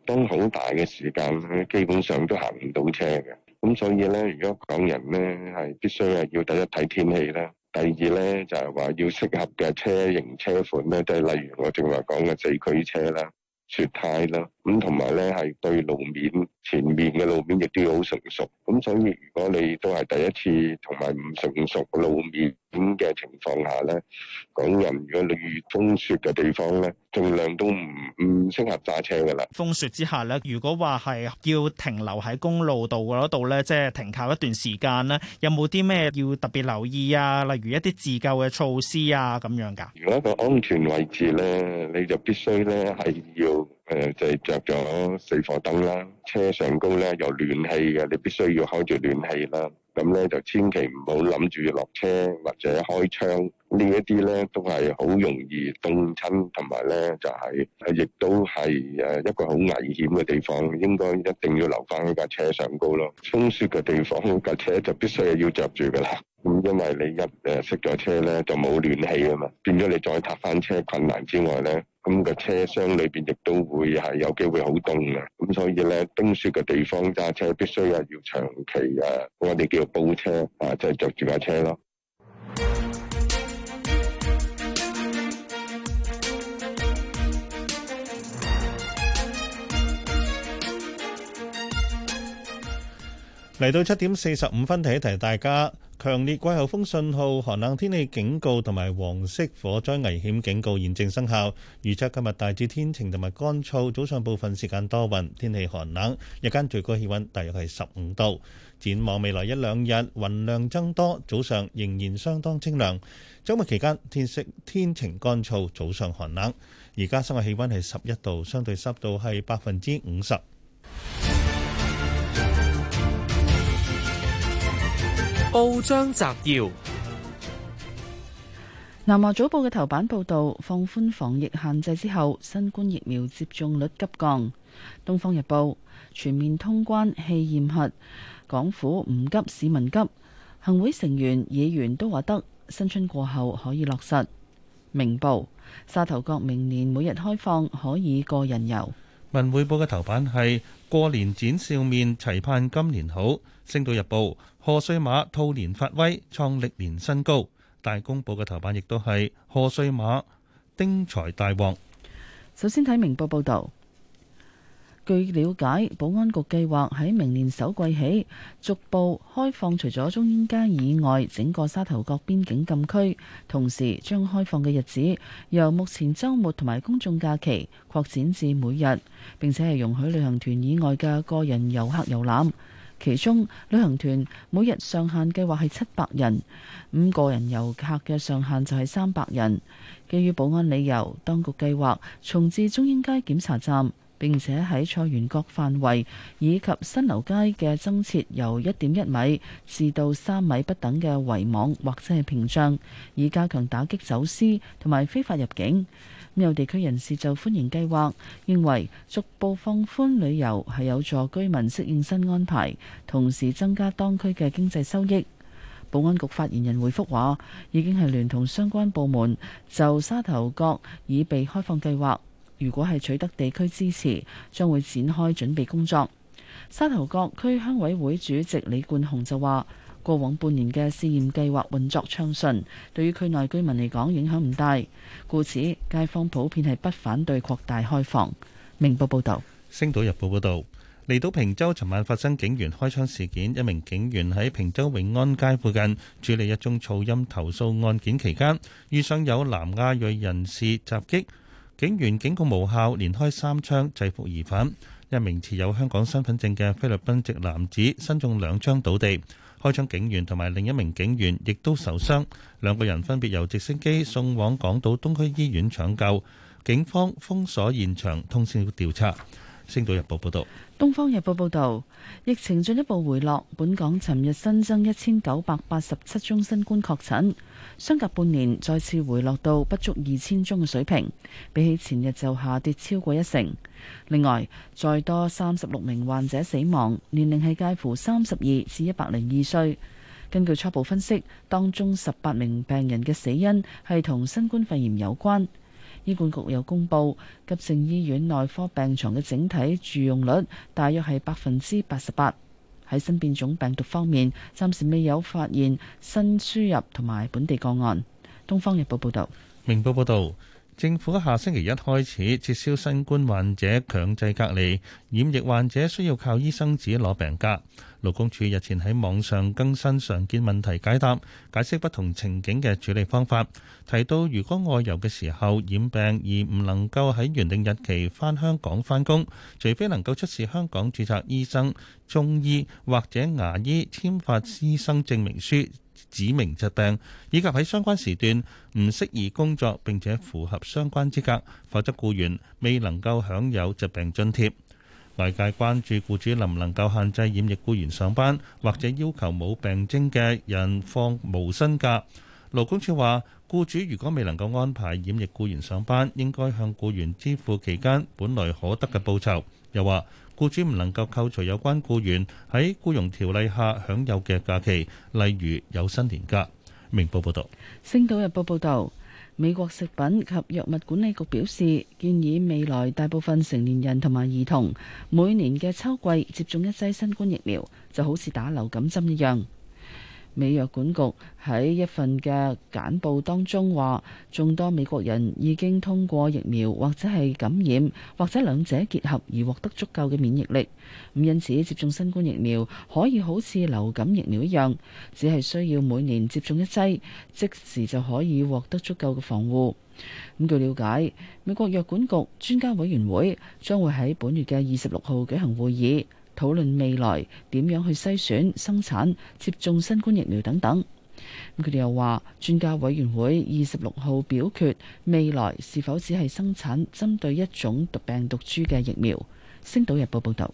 當好大嘅時間基本上都行唔到車嘅。咁所以咧，如果港人咧，係必須係要第一睇天氣啦，第二咧就係、是、話要適合嘅車型車款咧，即係例如我正話講嘅四驅車啦、雪胎啦。咁同埋咧，係對路面前面嘅路面亦都要好成熟。咁所以，如果你都係第一次同埋唔成熟路面咁嘅情況下咧，港人如果你遇風雪嘅地方咧，盡量都唔唔適合揸車噶啦。風雪之下咧，如果話係要停留喺公路度嗰度咧，即係停靠一段時間咧，有冇啲咩要特別留意啊？例如一啲自救嘅措施啊，咁樣噶？如果個安全位置咧，你就必須咧係要。誒、嗯，就係着咗四火燈啦，車上高呢有暖氣嘅，你必須要開住暖氣啦。咁呢就千祈唔好諗住落車或者開窗，呢一啲呢都係好容易凍親，同埋呢就係、是、亦都係誒一個好危險嘅地方，應該一定要留翻喺架車上高咯。風雪嘅地方，架車就必須要着住噶啦。咁因為你一誒熄咗車咧，就冇暖氣啊嘛，變咗你再踏翻車困難之外咧，咁、那個車廂裏邊亦都會係有機會好凍啊！咁所以咧，冰雪嘅地方揸車必須係要長期啊，我哋叫做煲車啊，即係着住架車咯。嚟到七點四十五分，提一提大家。強烈季候風信號、寒冷天氣警告同埋黃色火災危險警告現正生效。預測今日大致天晴同埋乾燥，早上部分時間多雲，天氣寒冷。日間最高氣溫大約係十五度。展望未來一兩日，雲量增多，早上仍然相當清涼。週末期間天色天晴乾燥，早上寒冷。而家室外氣溫係十一度，相對濕度係百分之五十。報章摘要：南華早報嘅頭版報道，放寬防疫限制之後，新冠疫苗接種率急降。東方日報全面通關棄驗核，港府唔急，市民急。行會成員、議員都話得，新春過後可以落實。明報沙頭角明年每日開放，可以個人遊。文匯報嘅頭版係過年展笑面，齊盼今年好。星島日報賀歲馬兔年發威，創歷年新高。大公報嘅頭版亦都係賀歲馬，丁財大旺。首先睇明報報道。據了解，保安局計劃喺明年首季起逐步開放，除咗中英街以外，整個沙頭角邊境禁區。同時，將開放嘅日子由目前周末同埋公眾假期擴展至每日，並且係容許旅行團以外嘅個人遊客遊覽。其中，旅行團每日上限計劃係七百人，五個人遊客嘅上限就係三百人。基於保安理由，當局計劃重置中英街檢查站。並且喺菜園角範圍以及新樓街嘅增設由一點一米至到三米不等嘅圍網或者係屏障，以加強打擊走私同埋非法入境。咁有地區人士就歡迎計劃，認為逐步放寬旅遊係有助居民適應新安排，同時增加當區嘅經濟收益。保安局發言人回覆話：已經係聯同相關部門就沙頭角已被開放計劃。如果係取得地區支持，將會展開準備工作。沙頭角區鄉委會主席李冠雄就話，過往半年嘅試驗計劃運作暢順，對於區內居民嚟講影響唔大，故此街坊普遍係不反對擴大開放。明報報道。《星島日報》報道，嚟到坪洲，尋晚發生警員開槍事件，一名警員喺坪洲永安街附近處理一宗噪音投訴案件期間，遇上有南亞裔人士襲擊。警員警告無效，連開三槍制服疑犯。一名持有香港身份證嘅菲律賓籍男子身中兩槍倒地，開槍警員同埋另一名警員亦都受傷，兩個人分別由直升機送往港島東區醫院搶救。警方封鎖現場，通宵調查。星島日報報道，東方日報報道，疫情進一步回落。本港尋日新增一千九百八十七宗新冠確診，相隔半年再次回落到不足二千宗嘅水平，比起前日就下跌超過一成。另外，再多三十六名患者死亡，年齡係介乎三十二至一百零二歲。根據初步分析，當中十八名病人嘅死因係同新冠肺炎有關。醫管局又公布，急性醫院內科病床嘅整體住用率大約係百分之八十八。喺新變種病毒方面，暫時未有發現新輸入同埋本地個案。東方日報報道，明報報道。政府下星期一開始撤銷新冠患者強制隔離，染疫患者需要靠醫生紙攞病假。勞工處日前喺網上更新常見問題解答，解釋不同情景嘅處理方法。提到如果外遊嘅時候染病而唔能夠喺原定日期返香港返工，除非能夠出示香港註冊醫生、中醫或者牙醫簽發醫生證明書。指明疾病以及喺相關時段唔適宜工作，並且符合相關資格，否則僱員未能夠享有疾病津貼。外界關注僱主能唔能夠限制染疫僱員上班，或者要求冇病徵嘅人放無薪假。勞工處話，僱主如果未能夠安排染疫僱員上班，應該向僱員支付期間本來可得嘅報酬。又話。雇主唔能夠扣除有關雇員喺雇傭條例下享有嘅假期，例如有薪年假。明報報道，星島日報報道，美國食品及藥物管理局表示，建議未來大部分成年人同埋兒童每年嘅秋季接種一劑新冠疫苗，就好似打流感針一樣。美藥管局喺一份嘅簡報當中話，眾多美國人已經通過疫苗或者係感染或者兩者結合而獲得足夠嘅免疫力。咁因此，接種新冠疫苗可以好似流感疫苗一樣，只係需要每年接種一劑，即時就可以獲得足夠嘅防護。咁據了解，美國藥管局專家委員會將會喺本月嘅二十六號舉行會議。討論未來點樣去篩選、生產、接種新冠疫苗等等。佢哋又話，專家委員會二十六號表決未來是否只係生產針對一種毒、病毒株嘅疫苗。星島日報報道，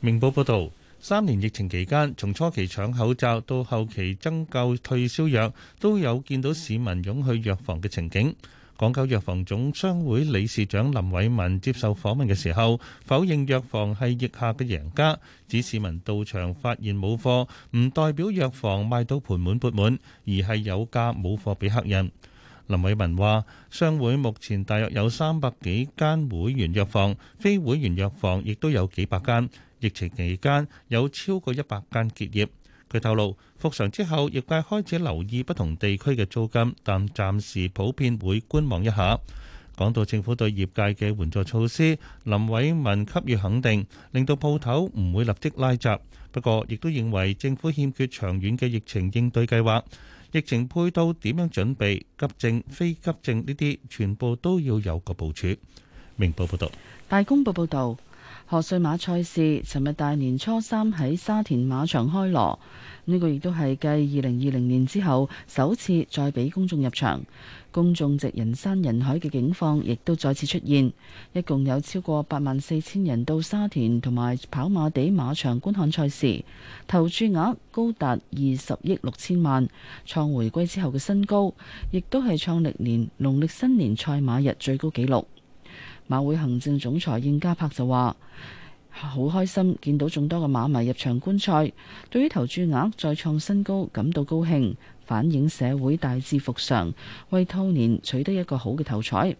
明報報道，三年疫情期間，從初期搶口罩到後期增購退燒藥，都有見到市民湧去藥房嘅情景。港九藥房總商會理事長林偉文接受訪問嘅時候否認藥房係疫下嘅贏家，指市民到場發現冇貨，唔代表藥房賣到盤滿缽滿，而係有價冇貨俾客人。林偉文話：商會目前大約有三百幾間會員藥房，非會員藥房亦都有幾百間。疫情期間有超過一百間結業。佢透露。復常之後，業界開始留意不同地區嘅租金，但暫時普遍會觀望一下。講到政府對業界嘅援助措施，林偉文給予肯定，令到鋪頭唔會立即拉閘。不過，亦都認為政府欠缺長遠嘅疫情應對計劃。疫情配套點樣準備？急症、非急症呢啲，全部都要有個部署。明報報導，大公報報導。賀歲馬賽事，尋日大年初三喺沙田馬場開鑼，呢、這個亦都係繼二零二零年之後，首次再俾公眾入場。公眾席人山人海嘅景況，亦都再次出現。一共有超過八萬四千人到沙田同埋跑馬地馬場觀看賽事，投注額高達二十億六千萬，創回歸之後嘅新高，亦都係創歷年農曆新年賽馬日最高紀錄。馬會行政總裁應家柏就話，好開心見到眾多嘅馬迷入場觀賽，對於投注額再創新高感到高興，反映社會大致復常，為兔年取得一個好嘅頭彩。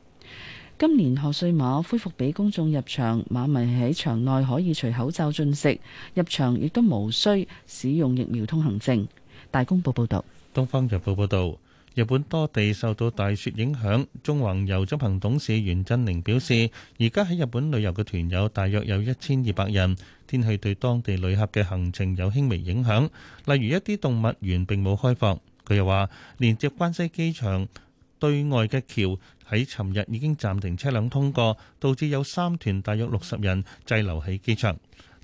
今年賀歲馬恢復俾公眾入場，馬迷喺場內可以除口罩進食，入場亦都無需使用疫苗通行證。大公報報道，東方日報報道。日本多地受到大雪影響，縱橫遊執行董事袁振寧表示，而家喺日本旅遊嘅團友大約有一千二百人，天氣對當地旅客嘅行程有輕微影響，例如一啲動物園並冇開放。佢又話，連接關西機場對外嘅橋喺尋日已經暫停車輛通過，導致有三團大約六十人滯留喺機場。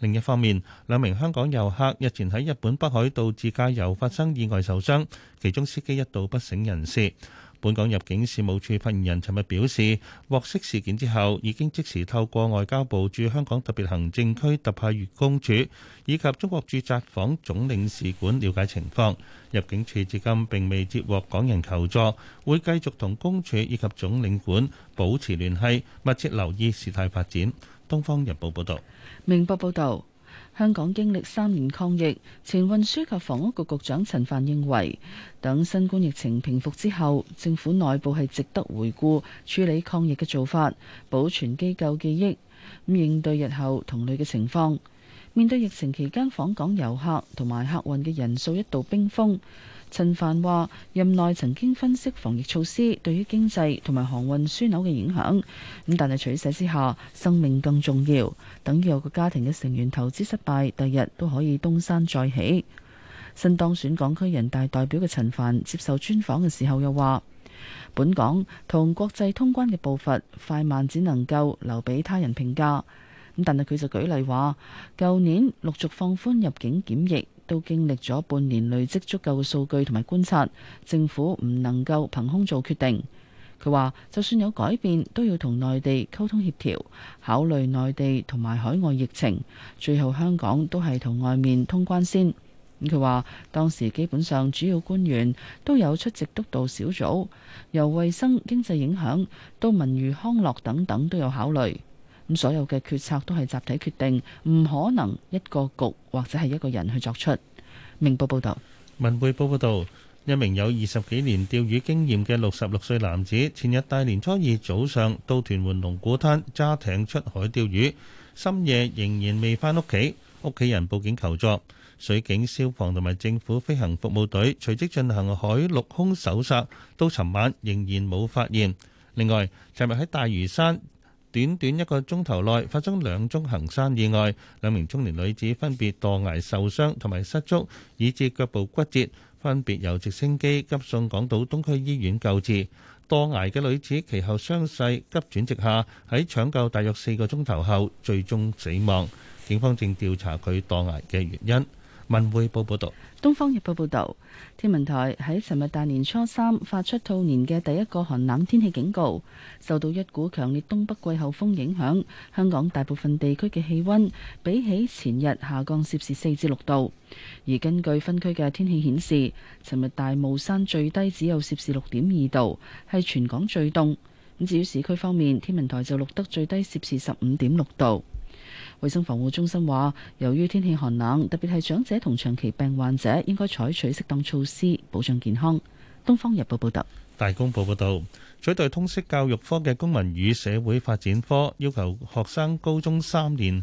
另一方面，兩名香港遊客日前喺日本北海道自駕遊發生意外受傷，其中司機一度不省人事。本港入境事務處發言人尋日表示，獲悉事件之後，已經即時透過外交部駐香港特別行政區特派員公署以及中國駐札幌總領事館了解情況。入境處至今並未接獲港人求助，會繼續同公署以及總領館保持聯繫，密切留意事態發展。《東方日報》報道。明報報道，香港經歷三年抗疫，前運輸及房屋局局，局長陳帆認為，等新冠疫情平復之後，政府內部係值得回顧處理抗疫嘅做法，保存機構記憶，咁應對日後同類嘅情況。面對疫情期間訪港遊客同埋客運嘅人數一度冰封。陳帆話：任內曾經分析防疫措施對於經濟同埋航運樞紐嘅影響，咁但係取捨之下，生命更重要。等於有個家庭嘅成員投資失敗，第日都可以東山再起。新當選港區人大代表嘅陳帆接受專訪嘅時候又話：本港同國際通關嘅步伐快慢只能夠留俾他人評價。咁但係佢就舉例話，舊年陸續放寬入境檢疫。都經歷咗半年累積足夠嘅數據同埋觀察，政府唔能夠憑空做決定。佢話，就算有改變，都要同內地溝通協調，考慮內地同埋海外疫情，最後香港都係同外面通關先。咁佢話當時基本上主要官員都有出席督導小組，由衛生、經濟影響到民娛康樂等等都有考慮。所有嘅決策都係集體決定，唔可能一個局或者係一個人去作出。明報報導，文匯報報導，一名有二十幾年釣魚經驗嘅六十六歲男子，前日大年初二早上到屯門龍鼓灘揸艇出海釣魚，深夜仍然未返屋企，屋企人報警求助，水警、消防同埋政府飛行服務隊隨即進行海陸空搜索，到尋晚仍然冇發現。另外，尋日喺大嶼山，短短一個鐘頭內發生兩宗行山意外，兩名中年女子分別墮崖受傷同埋失足，以至腳部骨折，分別由直升機急送港島東區醫院救治。墮崖嘅女子其後傷勢急轉直下，喺搶救大約四個鐘頭後最終死亡。警方正調查佢墮崖嘅原因。文匯報報道，東方日報報道，天文台喺尋日大年初三發出兔年嘅第一個寒冷天氣警告。受到一股強烈東北季候風影響，香港大部分地區嘅氣溫比起前日下降攝氏四至六度。而根據分區嘅天氣顯示，尋日大帽山最低只有攝氏六點二度，係全港最凍。咁至於市區方面，天文台就錄得最低攝氏十五點六度。衛生防護中心話，由於天氣寒冷，特別係長者同長期病患者，應該採取適當措施保障健康。東方日報報道，大公報報道，取代通識教育科嘅公民與社會發展科，要求學生高中三年。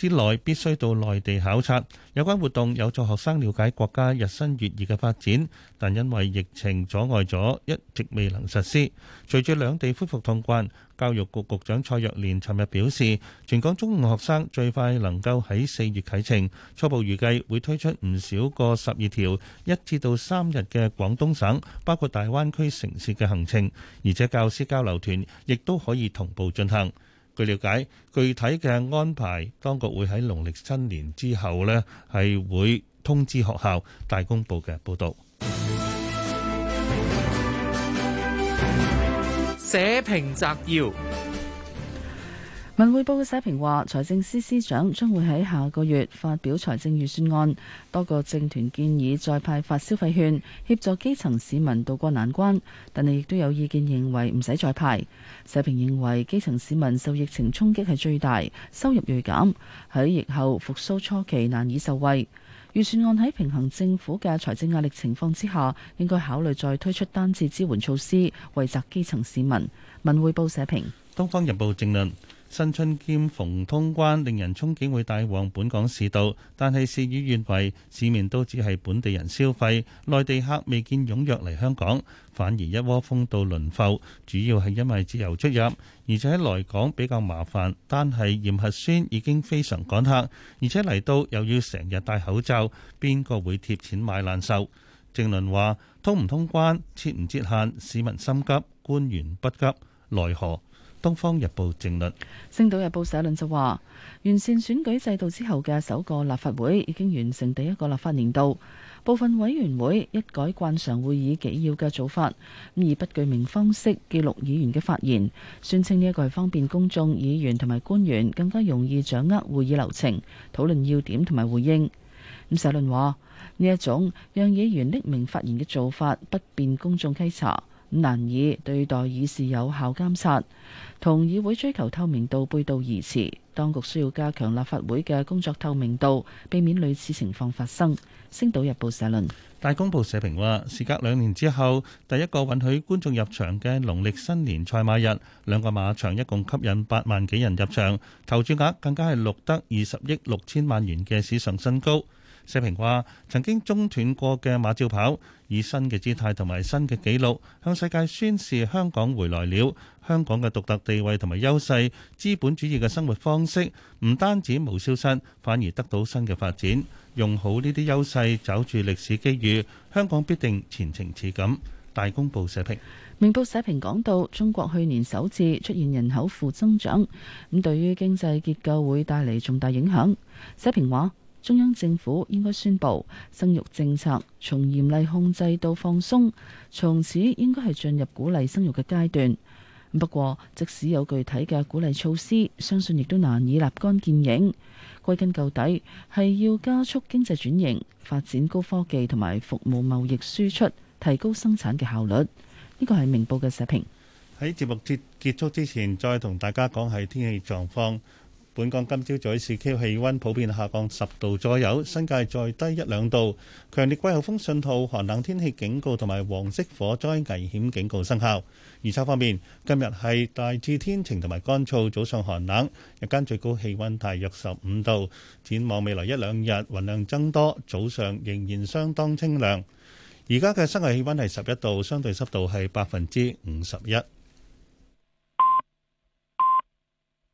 之內必須到內地考察，有關活動有助學生了解國家日新月異嘅發展，但因為疫情阻礙咗，一直未能實施。隨住兩地恢復通關，教育局局長蔡若蓮尋日表示，全港中五學生最快能夠喺四月啟程，初步預計會推出唔少過十二條一至到三日嘅廣東省，包括大灣區城市嘅行程，而且教師交流團亦都可以同步進行。據了解，具體嘅安排，當局會喺農曆新年之後呢係會通知學校大公布嘅報道。社評摘要。文匯報嘅社評話，財政司司長將會喺下個月發表財政預算案，多個政團建議再派發消費券，協助基層市民渡過難關。但係亦都有意見認為唔使再派。社評認為基層市民受疫情衝擊係最大，收入銳減，喺疫後復蘇初期難以受惠。預算案喺平衡政府嘅財政壓力情況之下，應該考慮再推出單次支援措施，惠澤基層市民。文匯報社評，東方日報正論。新春兼逢通關，令人憧憬會帶旺本港市道，但係事與願違，市面都只係本地人消費，內地客未見踴躍嚟香港，反而一窩蜂到輪埠，主要係因為自由出入，而且來港比較麻煩，單係驗核酸已經非常趕客，而且嚟到又要成日戴口罩，邊個會貼錢買難受？正論話：通唔通關，切唔切限，市民心急，官員不急，奈何？《東方日報》政論，《星島日報》社論就話：完善選舉制度之後嘅首個立法會已經完成第一個立法年度，部分委員會一改慣常會議紀要嘅做法，咁以不具名方式記錄議員嘅發言，宣稱呢一個係方便公眾、議員同埋官員更加容易掌握會議流程、討論要點同埋回應。咁社論話呢一種讓議員匿名發言嘅做法，不便公眾稽查。難以對待議事有效監察，同議會追求透明度背道而馳。當局需要加強立法會嘅工作透明度，避免類似情況發生。星島日報社論。大公報社評話，事隔兩年之後，第一個允許觀眾入場嘅農曆新年賽馬日，兩個馬場一共吸引八萬幾人入場，投注額更加係錄得二十億六千萬元嘅史上新高。社評話：曾經中斷過嘅馬照跑，以新嘅姿態同埋新嘅紀錄，向世界宣示香港回來了。香港嘅獨特地位同埋優勢，資本主義嘅生活方式，唔單止冇消失，反而得到新嘅發展。用好呢啲優勢，抓住歷史機遇，香港必定前程似錦。大公報社評，明報社評講到，中國去年首次出現人口負增長，咁對於經濟結構會帶嚟重大影響。社評話。中央政府應該宣布生育政策從嚴厲控制到放鬆，從此應該係進入鼓勵生育嘅階段。不過，即使有具體嘅鼓勵措施，相信亦都難以立竿見影。歸根究底，係要加速經濟轉型，發展高科技同埋服務貿易輸出，提高生產嘅效率。呢個係明報嘅社評。喺節目結結束之前，再同大家講下天氣狀況。本港今朝早市區氣溫普遍下降十度左右，新界再低一兩度。強烈季候風信號、寒冷天氣警告同埋黃色火災危險警告生效。預測方面，今日係大致天晴同埋乾燥，早上寒冷，日間最高氣溫大約十五度。展望未來一兩日雲量增多，早上仍然相當清涼，而家嘅室外氣溫係十一度，相對濕度係百分之五十一。